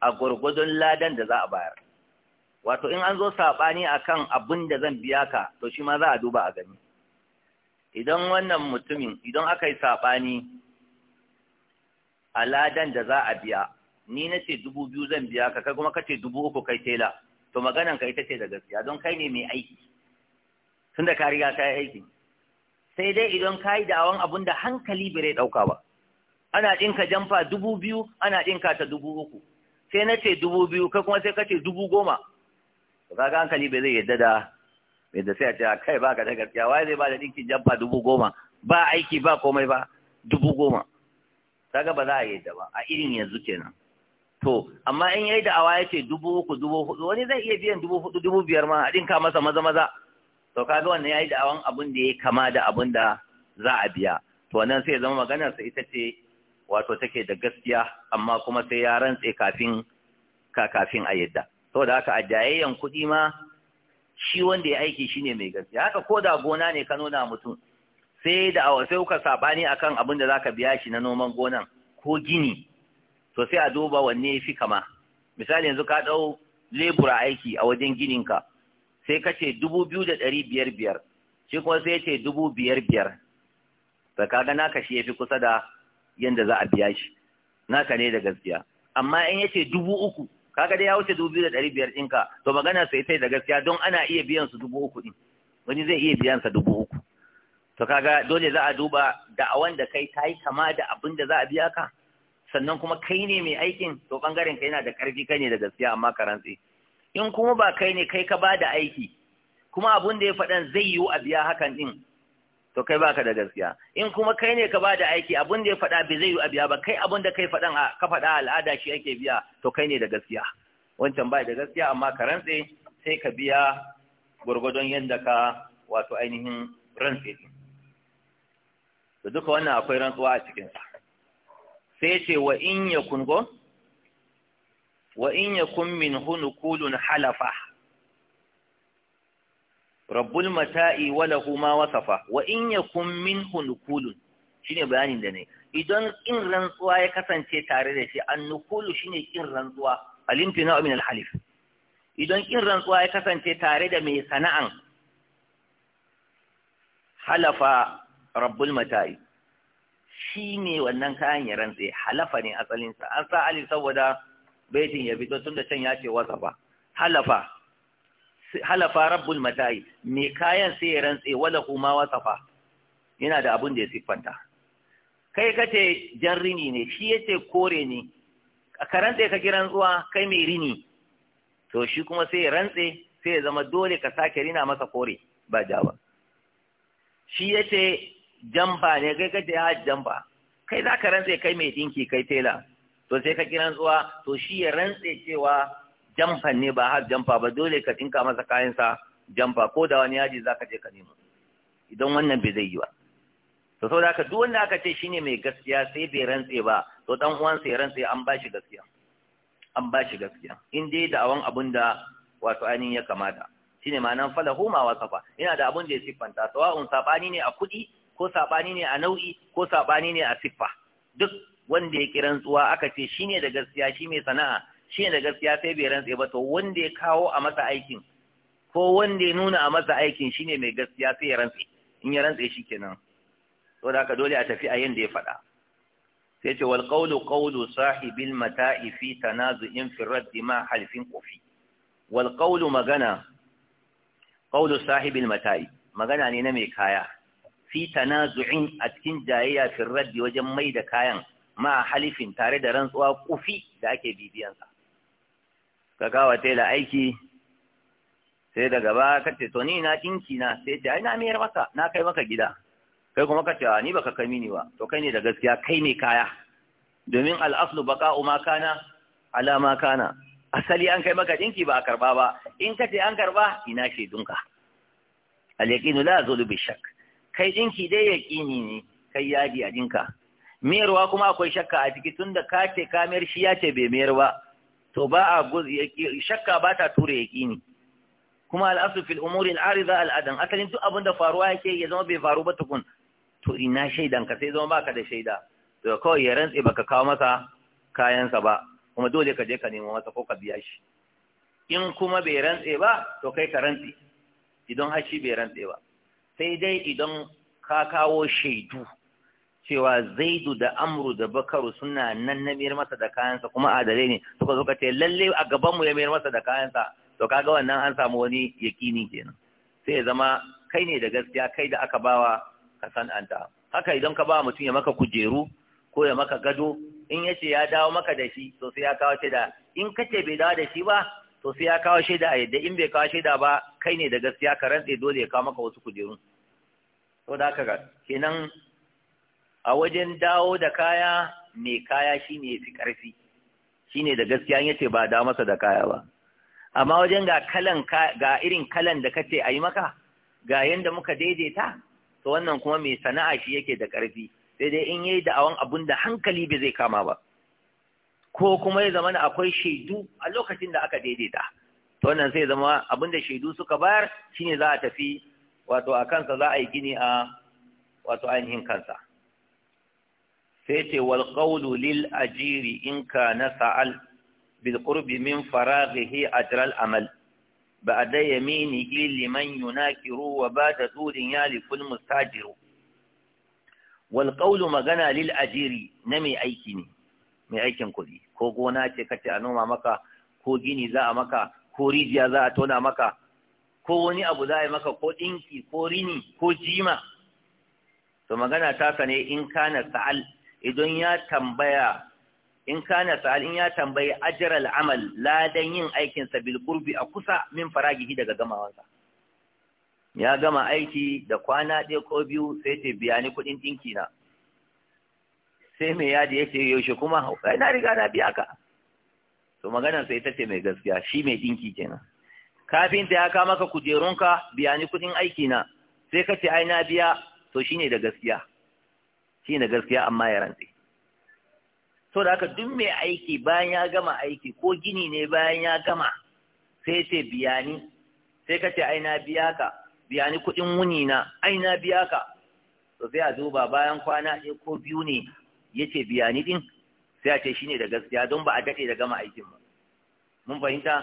a gurgudun ladan da za a bayar wato in an zo sabani akan abin da zan biya ka to shi ma za a duba a gani idan wannan mutumin idan aka yi sabani a ladan da za a biya ni na ce dubu biyu zan biya ka kai kuma ka ce dubu uku kai tela to maganan ka ita ce da gaskiya don kai ne mai aiki tunda ka riga ka yi aiki sai dai idan ka yi da'awan abun da hankali bai dauka ba ana ɗinka jamfa dubu biyu ana ɗinka ta dubu uku sai na ce dubu biyu kai kuma sai ka ce dubu goma to kaga hankali bai zai yadda da da sai a ce ah, kai baka da gaskiya waye zai ba da ɗinkin jamfa dubu goma ba aiki ba komai ba dubu goma kaga ba za a yi ba a irin yanzu kenan to amma in yayi da'awa ya ce dubu uku dubu hudu wani zai iya biyan dubu hudu dubu biyar ma a dinka masa maza maza to kaga wannan yayi da'awan abun da ya kama da abun da za a biya to wannan sai ya zama maganar sa ita ce wato take da gaskiya amma kuma sai ya rantse kafin kafin a yadda saboda haka a jayayyan kuɗi ma shi wanda ya aiki shine mai gaskiya haka ko da gona ne ka nuna mutum sai da awa sai kuka sabani akan abin da zaka biya shi na noman gonan ko gini to sai a duba wanne fi kama misali yanzu ka dau lebura aiki a wajen ginin ka. sai ka ce dubu biyu da ɗari biyar biyar shi kuma sai ce dubu biyar biyar da kaga naka shi ya fi kusa da yadda za a biya shi naka ne da gaskiya amma in ya ce dubu uku kaga dai ya wuce dubu biyu da ɗari biyar ɗinka to magana sai sai da gaskiya don ana iya biyan su dubu uku ɗin wani zai iya biyan sa dubu uku to kaga dole za a duba da'awan da kai ta yi kama da abin da za a biya ka sannan kuma kai ne mai aikin to bangaren ka yana da karfi kai ne da gaskiya amma ka rantse in kuma ba kai ne kai ka ba da aiki kuma abun da ya faɗan zai yiwu a biya hakan ɗin, to kai baka da gaskiya in kuma kai ne ka ba da aiki abun da ya faɗa bai zai yiwu a biya ba kai abun da kai faɗan ka faɗa al'ada shi ake biya to kai ne da gaskiya wancan ba da gaskiya amma ka rantse sai ka biya gwargwadon yadda ka wato ainihin rantsi da duka wannan akwai rantsuwa a cikinsa sai ce wa in ya kungo wa in ya kun min kulun halafa rabbul mata'i wala huma wasafa wa in ya kun min shi shine bayanin da ne idan in rantsuwa ya kasance tare da shi an nukulu shine kin rantsuwa alimtina min alhalif idan kin rantsuwa ya kasance tare da mai sana'an halafa rabbul mata'i shi ne wannan kayan ya rantse halafa ne asalinsa an sa ali saboda baitin ya fito tun da can ya ce wasa ba halafa halafa rabbul mata'i me kayan sai ya rantse wala kuma fa. yana da abun da ya siffanta kai kace jan rini ne shi yace kore ne a karanta ka kiran zuwa kai mai rini to shi kuma sai ya rantse sai ya zama dole ka sake rina masa kore ba ja shi yace jamfa ne kai kace ya jamfa kai za ka rantse kai mai dinki kai tela to sai ka kiran zuwa to shi ya rantse cewa jamfa ne ba har jamfa ba dole ka dinka masa kayan sa jamfa ko da wani yaji za ka je ka nemo idan wannan bai zai yi ba to saboda haka duk wanda aka ce shine mai gaskiya sai bai rantse ba to dan uwansa ya rantse an ba shi gaskiya an ba shi gaskiya in dai da awan abun da wato ainihin ya kamata shine ma'anan falahu ma wasafa ina da abun da ya siffanta sawa'un sabani ne a kuɗi ko saɓani ne a nau'i ko saɓani ne a siffa duk wanda ya kiran tsuwa aka ce shi ne da gaskiya shi mai sana'a shi ne da gaskiya sai bai rantse ba to wanda ya kawo a masa aikin ko wanda ya nuna a masa aikin shi ne mai gaskiya sai ya rantse in ya rantse shi kenan to da haka dole a tafi a yanda ya faɗa sai ce wal qawlu qawlu sahibil mata'i fi tanazu'in fi raddi ma halfin kofi wal qawlu magana qawlu sahibil mata'i magana ne na mai kaya fi tanazu'in a cikin jayayya fi raddi wajen mai da kayan ma halifin tare da rantsuwa kufi da ake bibiyansa ka kawo tela aiki sai daga ba ka ce to ni na dinki na sai ce ai na mayar maka na kai maka gida kai kuma ka ce ni baka kai mini ba to kai ne da gaskiya kai ne kaya domin al'aslu baka uma kana ala ma kana asali an kai maka ɗinki ba a karba ba in ka ce an karba ina shaidunka al yaqinu la zulu bi shakk kai ɗinki dai yaƙini ne kai yadi a ɗinka mayarwa kuma akwai shakka a ciki tunda ka ce ka mayar shi ya ce bai mayar ba to ba a shakka ba ta tura yaƙini kuma al'asu fil umuri al'arida al'adan asalin duk abin da faruwa yake ya zama bai faru ba tukun to ina shaidan ka sai zama baka da shaida to kawai ya rantse baka kawo masa kayansa ba kuma dole ka je ka nemo masa ko ka biya shi in kuma bai rantse ba to kai ka rantse idan har bai rantse ba sai dai idan ka kawo shaidu cewa zaidu da amru da bakaru suna nan na miyar masa da kayansa kuma adalai ne suka zo ka ce lalle a gabanmu ya miyar masa da kayansa to kaga wannan an samu wani yakini kenan sai ya zama kai ne da gaskiya kai da aka bawa ka san'anta haka idan ka ba mutum ya maka kujeru ko ya maka gado in yace ya dawo maka da shi to sai ya kawo ce da in ka ce bai dawo da shi ba to sai ya kawo shaida a yadda in bai kawo shaida ba kai ne da gaskiya ka rantse dole ya kawo maka wasu kujeru to da haka kenan a wajen dawo da kaya mai kaya shine ya fi shine da gaskiya ya ce ba da masa da kaya ba amma wajen ga kalan ga irin kalan da kace ayi maka ga yanda muka daidaita to wannan kuma mai sana'a shi yake da karfi sai dai in yayi da'awan abun da hankali bai zai kama ba ko kuma ya zama akwai shaidu a lokacin da aka daidaita to wannan sai zama abin da shaidu suka bayar shine za a tafi wato a kansa za a yi gini a wato ainihin kansa sai ce wal qawlu lil ajiri in kana sa'al bil qurbi min faraghihi ajral amal بعد يمينه لمن يناكر وبات طول magana Lil Ajiri na للأجير aiki ne. mai aikin kuɗi ko gona ce kace a noma maka ko gini za a maka ko rijiya za a tona maka ko wani abu za a yi maka ko ɗinki ko rini ko jima to magana ta ne in kana sa'al idan ya tambaya in kana sa'al in ya tambayi ajral amal ladan yin aikin sa bil qurbi a kusa min faragihi daga gamawansa ya gama aiki da kwana ɗaya ko biyu sai ta biya ni kuɗin ɗinki na sai mai yadi ya ce yaushe kuma hau na riga na biya ka to maganar sai ita ce mai gaskiya shi mai dinki kenan kafinta ya ka maka kujerunka biya ni kudin aiki na sai ka ce ai na biya to shine da gaskiya shine da gaskiya amma ya rantse to da haka duk mai aiki bayan ya gama aiki ko gini ne bayan ya gama sai ce biya ni sai ka ce ai na biya ka biya ni kuɗin wuni na ai na biya ka to sai a duba bayan kwana ɗaya ko biyu ne yace biya ni din sai a ce shi ne da gaskiya don ba a dade da gama aikin ba mun fahimta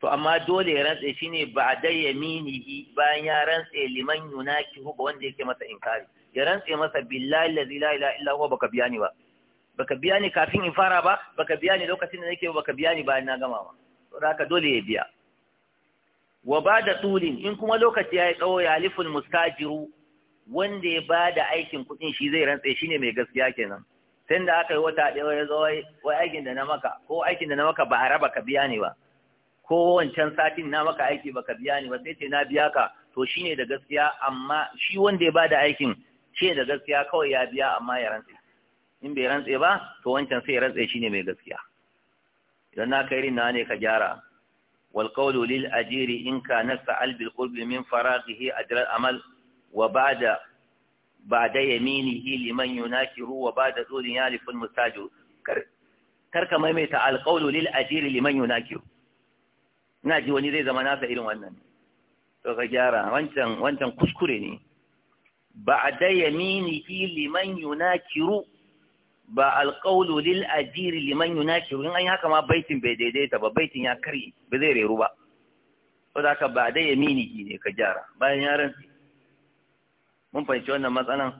to amma dole ya rantse ne ba a mini bi bayan ya rantse liman yunaki ga wanda yake masa inkari ya rantse masa billahi allazi la ilaha illa huwa baka biya ni ba baka biya ni kafin in fara ba baka biya ni lokacin da nake baka biya ni bayan na gama ba to haka dole ya biya wa bada tulin in kuma lokaci yi tsawo ya aliful mustajiru wanda ya bada aikin kuɗin shi zai rantse ne mai gaskiya kenan sai da aka yi wata ɗaya ya zo wai aikin da na maka ko aikin da na maka ba a raba ka biya ne ba ko wancan satin na maka aiki ba ka biya ne ba sai ce na biya ka to shine da gaskiya amma shi wanda ya bada aikin shi da gaskiya kawai ya biya amma ya rantse in bai rantse ba to wancan sai ya rantse shine mai gaskiya idan na kai rin na ne ka gyara wal qawlu lil ajiri in kana sa'al bil qurbi min faraghihi ajra amal wa ba'da Ba da بعد يمينه لمن يناشره وبعد طول يالف المستاجر kar ka maimaita alƙaulu lil ajiri liman yunashiru na ji wani zai zama nasa irin wannan to ka gyara wancan wancan kuskure ne Ba da yaminihi liman yunashiru ba alƙaulu lil ajiri liman yunashiru in an yi haka ma baitin bai daidaita ba baitin ya karye ba zai reru ba saboda da ba da yaminihi ne ka gyara bayan yaran mun fahimci wannan matsalan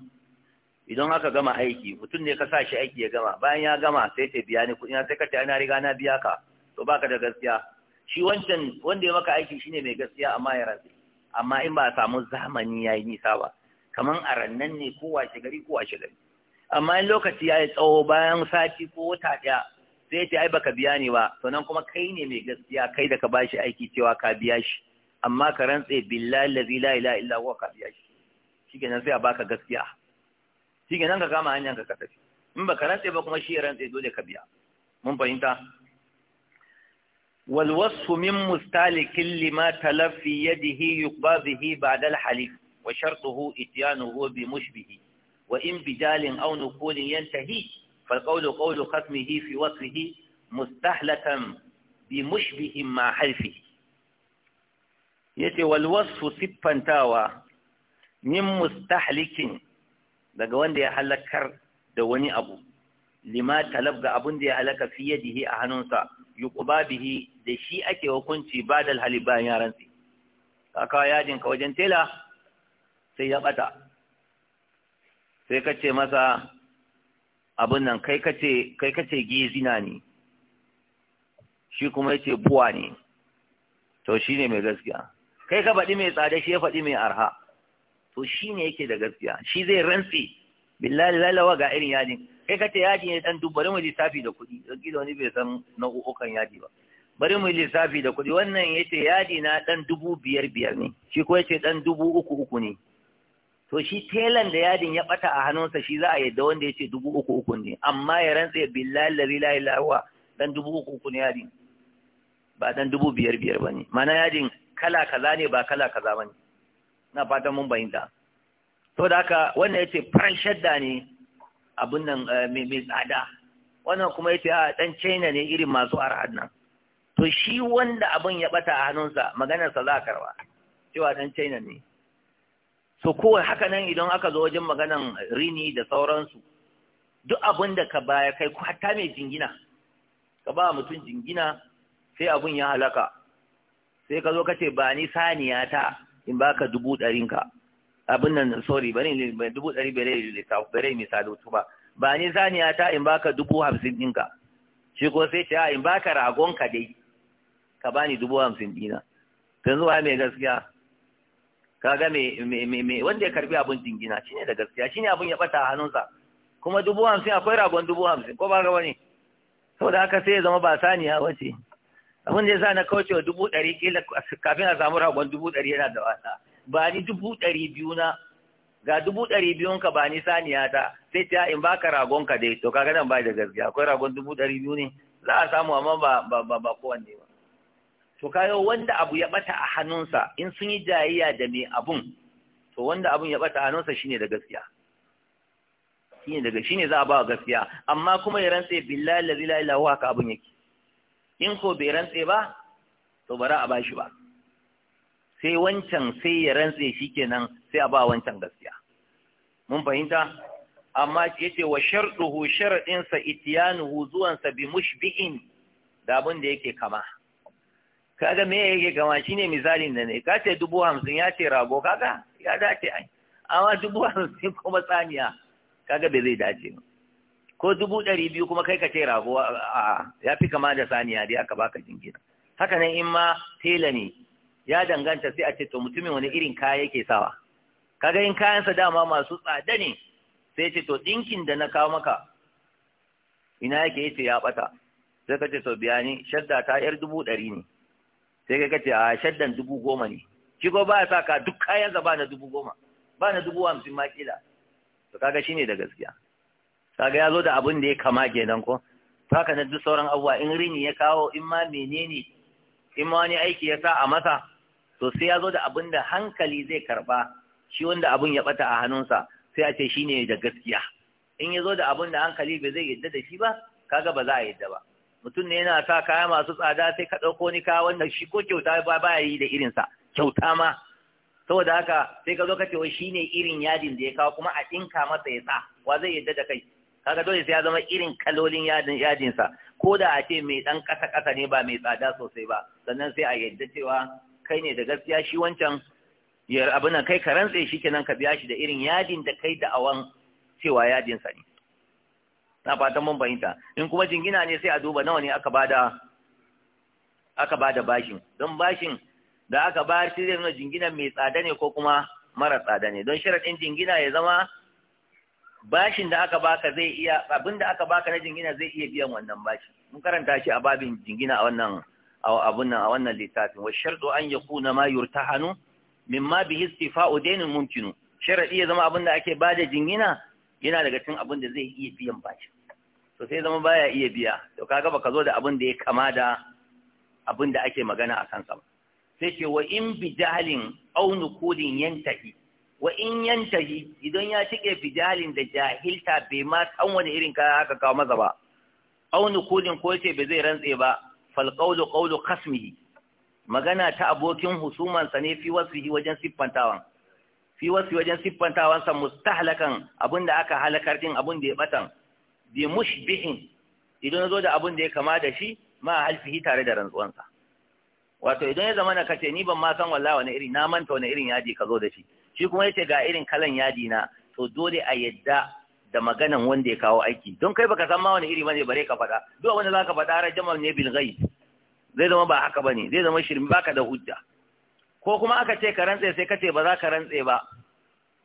idan aka gama aiki mutum ne ka sa shi aiki ya gama bayan ya gama sai ta biya ni kuɗi sai ka ce ana riga na biya ka to baka da gaskiya shi wancan wanda ya maka aiki shine mai gaskiya amma ya rantsi amma in ba a samu zamani yayi nisa ba kaman a rannan ne ko washe gari ko washe gari amma in lokaci ya yi tsawo bayan sati ko wata ɗaya sai ya ce ai baka biya ni ba sannan kuma kai ne mai gaskiya kai da ka ba shi aiki cewa ka biya shi amma ka rantse billahi allazi la ilaha illa huwa ka biya shi shikenan sai a baka gaskiya shikenan ka kama hanyar ka tafi in ka rantse ba kuma shi ya rantse dole ka biya mun fahimta wal wasfu min mustalikin lima talaffi yadihi yuqba bihi halif wa shartuhu ityanuhu bi mushbihi wa in bijalin aw nuqulin yantahi fal qawlu qawlu qasmihi fi wasfihi mustahlatan bi mushbihi ma halfihi yace wal wasfu siffantawa min mustahlikin daga wanda ya halakar da wani abu lima talab ga abun da ya halaka fi yadihi a hannunsa yuquba bihi da shi ake hukunci ba da hali bayan yaran sai ka kawo yajin ka wajen tela sai ya bata sai ka ce masa abun nan kai kace kai kace gizina ne shi kuma yace buwa ne to shine mai gaskiya kai ka faɗi mai tsada shi ya faɗi mai arha to shi ne yake da gaskiya shi zai rantsi billahi lalawa ga irin yadin kai kace yadi ne dan dubbari mu lissafi da kuɗi don da wani bai san ukan yadi ba bari mu lissafi da kuɗi wannan yace yadi na dan dubu biyar biyar ne shi ko yace dan dubu uku uku ne to shi telan da yadin ya bata a hannunsa shi za a yadda wanda yace dubu uku uku ne amma ya rantsa billahi la ilaha illa dan dubu uku uku ne yadin ba dan dubu biyar biyar bane mana yadin kala kaza ne ba kala kaza bane na fatan mun bayinta to da haka wannan yace faran shadda ne abun nan eh, mai tsada wannan kuma yace a ah, dan China ne irin masu arhad nan to shi wanda abun ya bata a hannunsa maganar sa za karba cewa dan China ne so kowai haka nan idan aka zo wajen maganan rini da sauransu duk abun da ka baya kai ko hatta mai jingina ka ba mutum jingina sai abun ya halaka sai ka zo ka ce ba ni saniya ta in baka dubu ɗarin ka abin nan sorry bari dubu ɗari bere lissafi bere misali ba ba ni saniya ta in baka dubu hamsin ɗinka shi ko sai ce in baka ragon ka dai ka bani dubu hamsin ɗina kan zuwa mai gaskiya kaga mai wanda ya karbi abin jingina shine da gaskiya shine abin ya bata hannunsa kuma dubu hamsin akwai ragon dubu hamsin ko ba ga wani saboda haka sai ya zama ba saniya wace abin da ya sa na kaucewa dubu ɗari kila kafin a samu ragon dubu ɗari yana da wasa ba ni dubu ɗari biyu na ga dubu ɗari biyun ka ba ni saniya ta sai ta in baka ragon ka dai to kaga nan ba da gaskiya akwai ragon dubu ɗari biyu ne za a samu amma ba ba ba ba kowanne ba to kayo wanda abu ya bata a hannunsa in sun yi jayayya da mai abun to wanda abun ya bata a hannunsa shine da gaskiya shine daga shine za a ba gaskiya amma kuma ya rantse billahi la ilaha illa huwa ka abun yake in ko bai rantse ba to bara a bashi ba sai wancan sai ya rantse shi kenan sai a ba wancan gaskiya mun fahimta amma yace wa sharduhu sharɗinsa sa ityanuhu zuwan sa bi mushbi'in da abin da yake kama kaga me yake kama shine misalin da ne kace dubu hamsin ya ce rago kaga ya dace ai amma dubu hamsin kuma tsaniya kaga bai zai dace ba ko dubu ɗari biyu kuma kai ka ce rago a ya fi kama da saniya dai aka baka jingina haka nan in ma tela ne ya danganta sai a ce to mutumin wani irin kaya yake sawa kaga in kayansa dama masu tsada ne sai ce to ɗinkin da na kawo maka ina yake yace ya ɓata sai ka ce to biya ni shadda ta yar dubu ɗari ne sai ka ce a shaddan dubu goma ne shi ba ya sa ka duk kayansa ba na dubu goma ba na dubu hamsin ma kila to kaga shine da gaskiya kaga ya zo da abin da ya kama kenan ko haka na duk sauran abuwa in rini ya kawo in ma menene in ma wani aiki ya sa a masa to sai ya zo da abin da hankali zai karba shi wanda abin ya bata a hannunsa sai a ce shine da gaskiya in ya zo da abin da hankali bai zai yadda da shi ba kaga ba za a yadda ba mutum ne yana sa kaya masu tsada sai ka ɗauko ni kaya wanda shi ko kyauta ba baya yi da irinsa kyauta ma saboda haka sai ka zo ka ce wai ne irin yadin da ya kawo kuma a ɗinka masa ya sa wa zai yadda da kai kaga dole sai ya zama irin kalolin yadin yadinsa ko da a ce mai ɗan ƙasa ƙasa ne ba mai tsada sosai ba sannan sai a yadda cewa kai ne da gaskiya shi wancan ya abu nan kai ka rantse shi kenan ka biya shi da irin yadin da kai da awan cewa yadinsa ne na fatan mun bayyana in kuma jingina ne sai a duba nawa ne aka bada aka bada bashin don bashin da aka bayar shi zai jingina mai tsada ne ko kuma mara tsada ne don sharaɗin jingina ya zama bashin da aka baka zai iya abin da aka baka na jingina zai iya biyan wannan bashi mun karanta shi a babin jingina a wannan abun nan a wannan littafin wa shartu an yakuna ma yurtahanu mimma bi istifa'u dainin mumkinu sharadi ya zama abin da ake bada jingina yana daga cikin abin da zai iya biyan bashi to sai zama baya iya biya to kaga baka zo da abin da ya kama da abin da ake magana a kansa sai ce wa in bi jahalin aw nukudin yantahi wa in yantahi idan ya cike fijalin da jahilta bai ma san wani irin kaya aka kawo maza ba aw nukulin ko ce bai zai rantse ba fal qawlu qawlu khasmihi magana ta abokin husuman sa ne fi wasfihi wajen siffantawan fi wasfi wajen siffantawan sa mustahlakan abinda aka halakar din abinda ya batan bi mushbihin idan zo da abinda ya kama da shi ma halfihi tare da rantsuwan sa. wato idan ya zama na kace ni ban ma san wallahi wani iri na manta wani irin yaji ka zo da shi shi kuma yace ga irin kalan yadi na to dole a yadda da maganan wanda ya kawo aiki don kai baka san ma wani iri bane bare ka faɗa duk wanda zaka faɗa ra jamal ne bil ghaib zai zama ba haka bane zai zama shirmi baka da hujja ko kuma aka ce ka rantse sai ka ce ba za ka rantse ba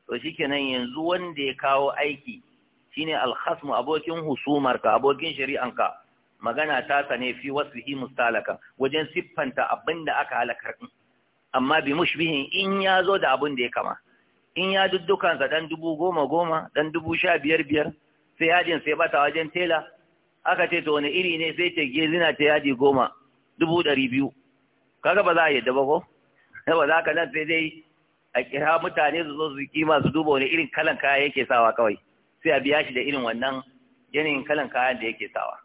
to shikenan yanzu wanda ya kawo aiki shine alkhasmu abokin husumarka abokin ka magana ta sane fi wasfihi mustalaka wajen siffanta abinda aka halakar din amma bi mushbihin in ya zo da abun da ya kama in ya duddukansa dan dubu goma goma dan dubu sha biyar biyar sai yadin sai bata wajen tela aka ce to wani iri ne sai ce zina ta yadi goma dubu ɗari biyu kaga ba za a yadda ba ko ba za ka nan sai dai a kira mutane su zo su kima su duba wani irin kalan kaya yake sawa kawai sai a biya shi da irin wannan yanayin kalan kayan da yake sawa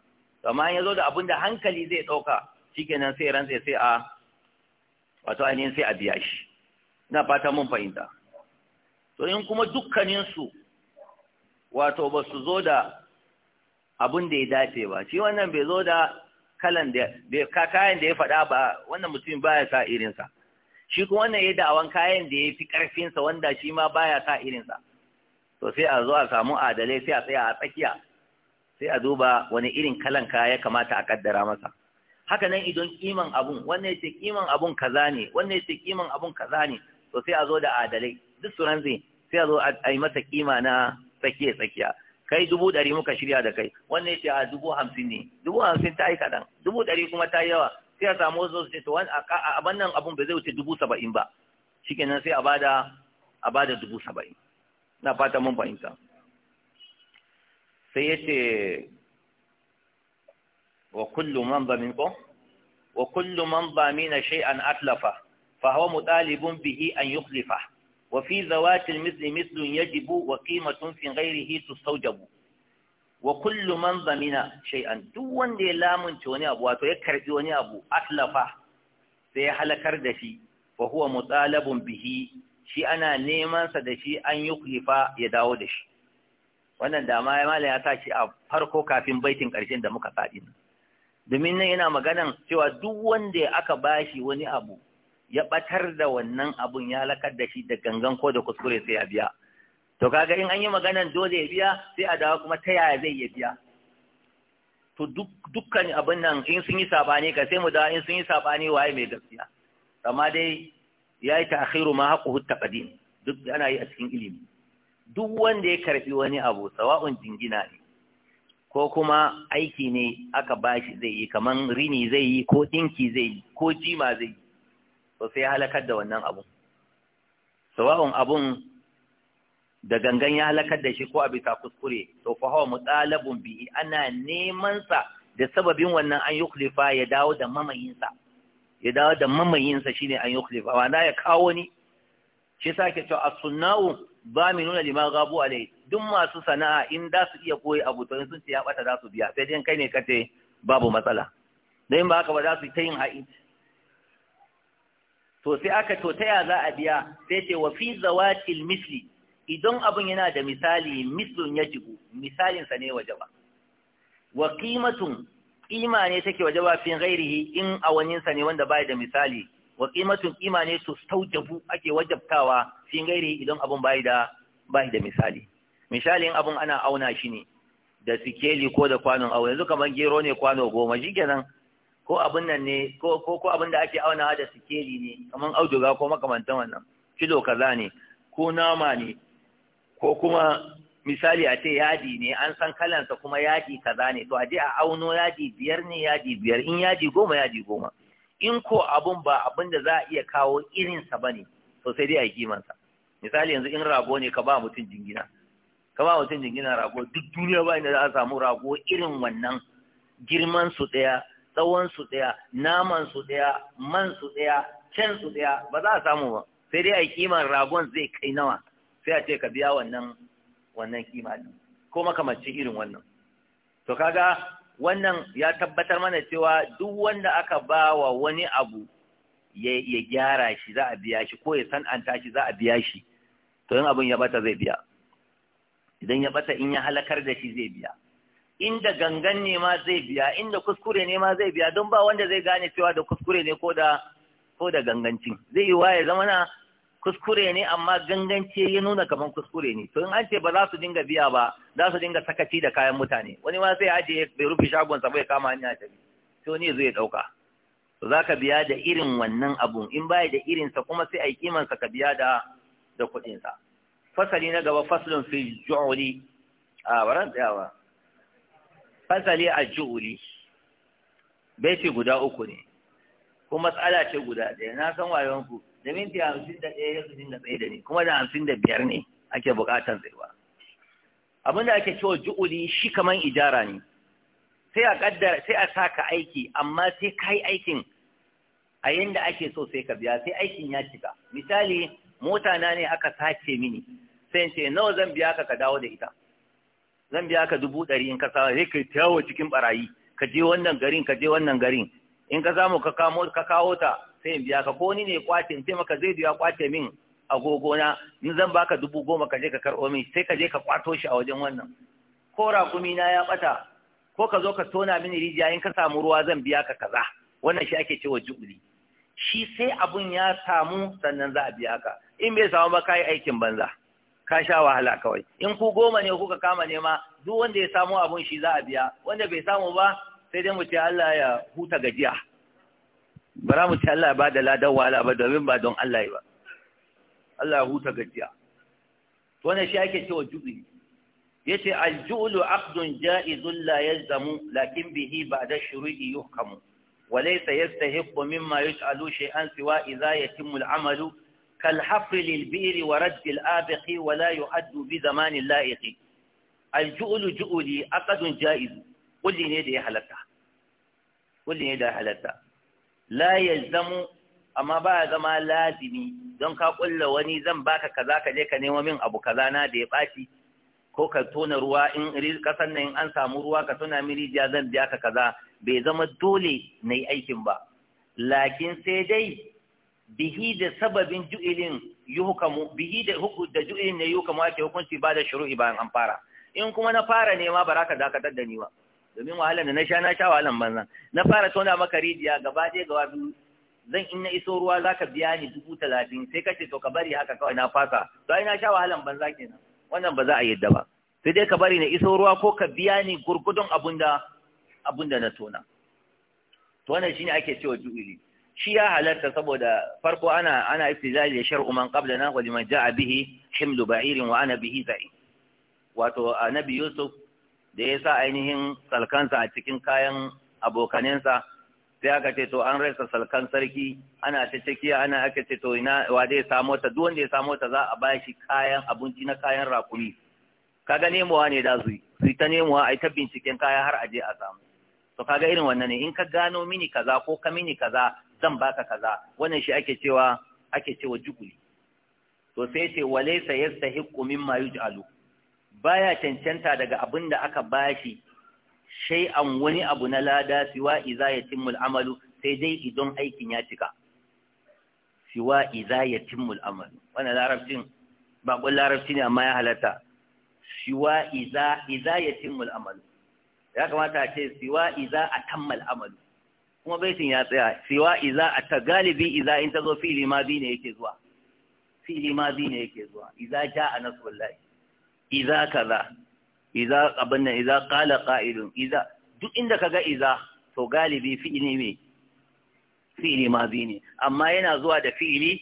amma ya zo da abin da hankali zai ɗauka shikenan sai ran sai a wato ainihin sai a biya shi ina fata mun fahimta to in kuma dukkaninsu wato ba su zo da abin da ya dace ba shi wannan bai zo da kalan da kayan da ya faɗa ba wannan mutum baya sa irinsa shi kuma wannan ya da'awan kayan da ya fi ƙarfinsa wanda shi ma baya sa irinsa to sai a zo a samu adalai sai a tsaya a tsakiya sai a duba wani irin kalan kaya ya kamata a ƙaddara masa haka nan idan kiman abun wannan ya ce kiman abun kaza ne wannan ya ce kiman abun kaza ne to sai a zo da adalai duk su ranze sai a zo a yi masa kima na tsakiya tsakiya kai dubu ɗari muka shirya da kai wannan ya ce a dubu hamsin ne dubu hamsin ta yi kaɗan dubu ɗari kuma ta yi yawa sai a samu wasu su ce to wannan abun bai zai wuce dubu saba'in ba shikenan sai a bada a bada dubu saba'in na fata mun fahimta sai ya ce wa kullu bamina shay'an atlafa fa huwa mutalibun bihi an yukhlifa wa fi zawati al-misli mislun yajibu wa qimatun fi ghayrihi tustawjabu wa kullu man zamina shay'an duk wanda ya lamunce wani abu wato ya karɓi wani abu atlafa sai ya halakar da shi fa huwa mutalabun bihi shi ana neman sa da shi an yuklifa ya dawo da shi wannan da ma ya sa shi a farko kafin baikin ƙarshen da muka faɗi domin nan yana maganan cewa duk wanda aka bashi wani abu ya batar da wannan abun ya lakar da shi da gangan ko da kuskure sai ya biya to kaga in an yi maganan dole ya biya sai a dawo kuma ta yaya zai ya biya to dukkan abin nan in sun yi sabani ka sai mu dawo in sun yi sabani waye mai gaskiya amma dai ya yi ta'khiru ma haquhu taqdim duk ana yi a cikin ilimi duk wanda ya karbi wani abu sawa'un jingina ne ko kuma aiki ne aka bashi zai yi kaman rini zai yi ko dinki zai yi ko jima zai yi to sai halakar da wannan abun sawa'un abun da gangan ya halakar da shi ko a bisa kuskure to fa hawa mutalabun bihi ana neman sa da sababin wannan an yukhlifa ya dawo da mamayinsa ya dawo da mamayinsa shine an yukhlifa wa ya kawo ni shi yasa ke cewa ba mu nuna lima gabu a duk masu sana'a in da su iya koyi abu to in sun ce ya bata za su biya sai dai kai ne kace babu matsala dan in ba haka ba za su ta yin ha'inci to sai aka to ta ya za a biya sai ce wa fi zawatil misli idan abun yana da misali mislun ya jigu sa ne waje ba. wa qimatun qima ne take ba fi ghairihi in sa ne wanda bai da misali wa qimatun qima ne to ake wajabtawa fi gairi idan abun bai da bai da misali misalin abun ana auna shi ne da sikeli ko da kwanon auna, yanzu kamar gero ne kwano goma shikenan ko abun nan ne ko ko ko abun da ake auna da sikeli ne kamar auduga ko makamantan wannan kilo kaza ne ko nama ne ko kuma misali a ce yadi ne an san kalansa kuma yadi kaza ne to a je a auno yadi biyar ne yadi biyar in yadi goma yadi goma in ko abun ba abin da za a iya kawo irinsa ba ne to sai dai a yi kimansa misali yanzu in rago ne ka ba mutum jingina ka ba mutum jingina rago duk duniya ba inda za a samu rago irin wannan girman su ɗaya tsawon su ɗaya naman su ɗaya man su ɗaya can su ɗaya ba za a samu ba sai dai a yi kiman ragon zai kai nawa sai a ce ka biya wannan wannan kima ko makamancin irin wannan to kaga wannan ya tabbatar mana cewa duk wanda aka ba wa wani abu ya gyara shi za a biya shi ko ya san'anta shi za a biya shi to yin abin ya bata zai biya idan ya bata in ya halakar da shi zai biya inda gangan ne ma zai biya inda kuskure ne ma zai biya don ba wanda zai gane cewa da kuskure ne ko da ko da gangancin zai yi waye zama na kuskure ne amma gangance ya nuna kamar kuskure ne to in an ce ba za su dinga biya ba za su dinga sakaci da kayan mutane wani ma sai aje bai rufe shagon sa bai kama hanya ta bi to ne zai dauka to zaka biya da irin wannan abun in baya da irin sa kuma sai ai kiman sa ka biya da da kudin sa fasali na gaba faslun fi ju'uli a waran tsayawa fasali a ju'uli baiti guda uku ne kuma tsala ce guda ɗaya na san wayonku da minti hamsin da ɗaya yanzu da tsaye da ni kuma da hamsin da biyar ne ake buƙatar tsayuwa abinda ake cewa ju'uli shi kaman ijara ne sai a ƙaddara sai a ka aiki amma sai ka yi aikin a yanda ake so sai ka biya sai aikin ya cika misali mota na ne aka sace mini sai ce nawa zan biya ka ka dawo da ita zan biya ka dubu ɗari in ka samu sai ka yi cikin barayi ka je wannan garin ka je wannan garin in ka samu ka kamo ka kawo ta sai in biya ka ko ni ne kwace sai maka zai biya kwace min agogona in zan baka dubu goma ka je ka karɓo min sai ka je ka kwato shi a wajen wannan ko rakumi na ya bata ko ka zo ka tona mini rijiya in ka samu ruwa zan biya ka kaza wannan shi ake cewa ju'uli shi sai abun ya samu sannan za a biya ka in bai samu ba kai aikin banza ka sha wahala kawai in ku goma ne kuka kama ne ma. duk wanda ya samu abun shi za a biya wanda bai samu ba sai dai mu ce Allah ya huta gajiya ba za mu ci Allah ba da ladan wahala ba domin ba don Allah ba Allah ya huta gajiya to shi ake cewa jubi Ya ce julu aqdun ja'izun la yalzamu lakin bihi ba ba'da shuru'i yuhkamu wa laysa yastahiqqu mimma yus'alu shay'an siwa idha yatimmu wa amalu كالحفر للبئر ورد الآبق ولا يؤد بزمان اللائق الجؤل جؤلي أقد جائز قل لي نيدا يا حلتا kulli ne da ya حلتا la zamo, amma ba ya zama lazimi don ka kulla wani zan baka kaza ka je ka nemo min abu kaza na da ya baci ko ka tona ruwa in kasan nan an samu ruwa ka tona min rijiya zan biya ka kaza bai zama dole na aikin ba lakin sai dai bihi da sababin ju'ilin yuhkamu bihi da huku da ju'ilin ne yuhkamu ake hukunci ba da shuru'i bayan an fara in kuma na fara nema ba za ka dakatar da ni ba domin wahala da na sha na sha wahalan banza na fara tona maka rijiya gaba je gaba biyu zan in na iso ruwa za ka biya ni dubu talatin sai ka ce to ka bari haka kawai na fasa to ai na sha wahalan banza kenan wannan ba za a yadda ba sai dai ka bari na iso ruwa ko ka biya ni gurgudun abunda abunda na tona to wannan shine ake cewa ju'uli shi ya halarta saboda farko ana ana istizali da shar'u man qablana wa liman ja'a bihi himlu ba'irin wa ana bihi za'i wato annabi yusuf da ya sa ainihin salkansa a cikin kayan abokanensa sai aka ce to an rasa salkan sarki ana ta cikiya ana aka ce to ina wa zai samo ta duk wanda ya samo ta za a bashi kayan abinci na kayan rakumi kaga nemowa ne da su su ta nemowa ai ta binciken kaya har aje a samu to kaga irin wannan ne in ka gano mini kaza ko ka mini kaza zan baka kaza wannan shi ake cewa ake cewa juguli to sai ce walaysa yastahiqu mimma yuj'alu baya cancanta daga abin da aka bashi shay'an wani abu na lada siwa iza yatimul amalu sai dai idan aikin ya cika siwa iza yatimul amalu wannan larabcin bakon larabci ne amma ya halatta siwa iza iza yatimul amalu ya kamata a ce siwa iza tammal amalu kuma baitin ya tsaya siwa iza ta galibi iza in ta zo fili ma bi ne yake zuwa fili ma bi ne yake zuwa iza ja a wallahi iza kaza iza abin nan iza qala qa'ilun iza duk inda kaga iza to galibi fi'ili ne fi'ili mazi ne amma yana zuwa da fi'ili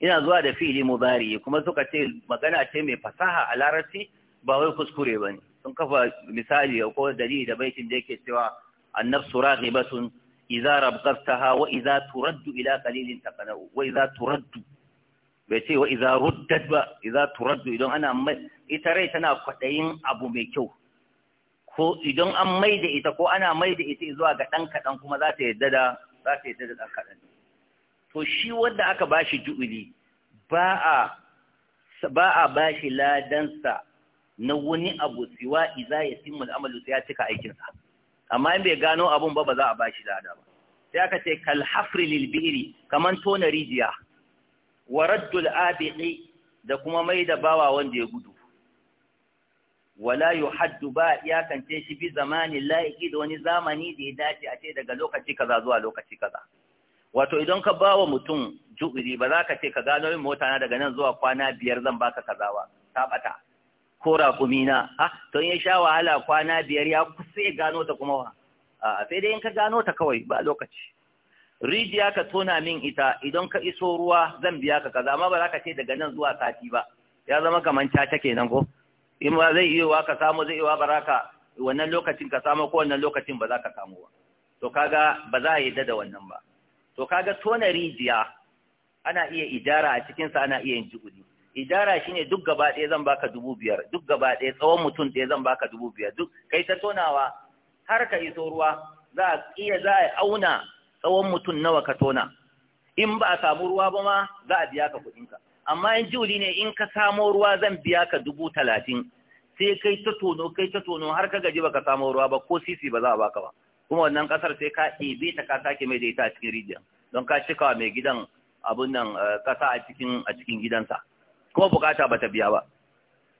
yana zuwa da fi'ili mudari kuma suka ce magana ce mai fasaha a larabci ba wai kuskure bane sun kafa misali ko dalili da baitin da yake cewa annafsu raghibatun idza rabqtaha wa idza turaddu ila qalilin taqanu wa idza turaddu bai ce wa iza ruddat ba iza turaddu idan ana mai ita rai tana kwaɗayin abu mai kyau ko idan an mai da ita ko ana mai da ita zuwa ga ɗan kaɗan kuma za ta yadda da za ta yadda da ɗan kaɗan to shi wanda aka bashi ju'uli ba a ba a bashi ladansa na wani abu siwa iza ya simul amalu sai ya cika aikinsa amma in bai gano abun ba ba za a bashi shi lada ba sai aka ce kal hafri lil biri kaman tona rijiya wa raddul abiqi da kuma mai da bawa wanda ya gudu wala yuhaddu ba ya kance shi bi zamani laiki da wani zamani da ya dace a ce daga lokaci kaza zuwa lokaci kaza wato idan ka bawa mutum ju'iri ba za ka ce ka gano yin mota na daga nan zuwa kwana biyar zan baka kaza ba ta bata ko raƙumi na ha ah, to in ya sha wahala kwana biyar ya kusa ya gano ta kuma wa a sai dai in ka gano ta kawai ba lokaci rijiya ka tona min ita idan ka iso ruwa zan biya ka kaza amma ba za ka ce daga nan zuwa sati ba ya zama kaman caca kenan ko in ba zai iya wa ka samu zai iya ba ka wannan lokacin ka samu ko wannan lokacin ba za ka samu ba to kaga ba za a yadda da wannan ba to kaga tona rijiya ana iya idara a cikin sa ana iya yin jigudi idara shine duk gaba ɗaya zan baka dubu biyar duk gaba ɗaya tsawon mutum ɗaya zan baka dubu biyar duk kai ta tonawa har ka iso ruwa za a iya za a auna tsawon mutum nawa ka tona in ba a samu ruwa ba ma za a biya ka kuɗinka amma in jiwuli ne in ka samo ruwa zan biya ka dubu talatin sai kai ta tono kai ta tono har ka gaji ka samo ruwa ba ko sisi ba za a baka ba kuma wannan kasar sai ka ɗebe ta ka sake mai da ita a cikin rijiyar, don ka cika mai gidan abun nan kasa eh, a cikin a cikin gidansa kuma bukata ta biya ba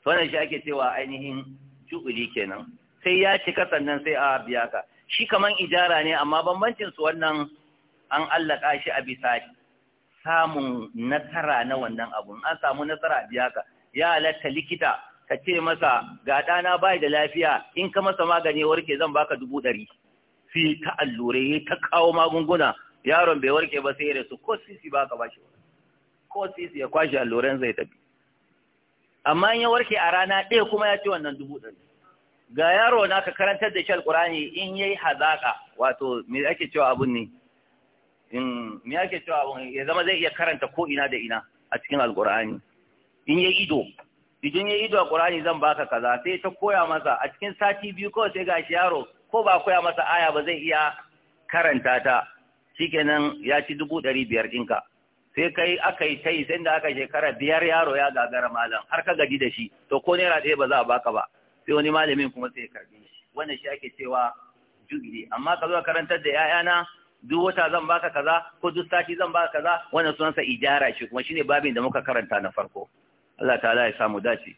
wannan shi ake cewa ainihin ju'uli kenan sai ya cika sannan sai a biya ka shi kaman ijara ne amma bambancin su wannan an allaka shi a bisa samun nasara na wannan abun an samu nasara biya ka ya halatta likita ka ce masa ga ɗana bai da lafiya in ka masa magani warke zan baka dubu ɗari sai ta allure ta kawo magunguna yaron bai warke ba sai ya rasu ko sisi ba ka bashi ko sisi ya kwashe alluran zai tafi amma in ya warke a rana ɗaya kuma ya ce wannan dubu ɗari ga yaro na ka karantar da shi alkurani in yi hazaƙa, wato me ake cewa abun ne in mai ake cewa abun ya zama zai iya karanta ko ina da ina a cikin alkurani in yayi ido idan yi ido alkurani zan baka kaza sai ta koya masa a cikin sati biyu kawai sai gashi yaro ko ba koya masa aya ba zai iya karanta ta shikenan ya ci dubu ɗari biyar ɗinka sai kai aka yi ta yi sai da aka shekara biyar yaro ya gagara malam har ka gaji da shi to ko naira ɗaya ba za a baka ba sai wani malamin kuma sai ya karbe shi wannan shi ake cewa juzu'i amma ka zo karantar da 'ya'yana duk wata zan baka kaza ko duk sati zan baka kaza wannan sunansa ijara shi kuma shine babin da muka karanta na farko Allah ta'ala ya samu dace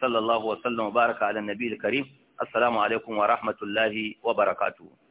sallallahu wa sallam baraka ala nabiyil karim assalamu alaikum wa rahmatullahi wa barakatuh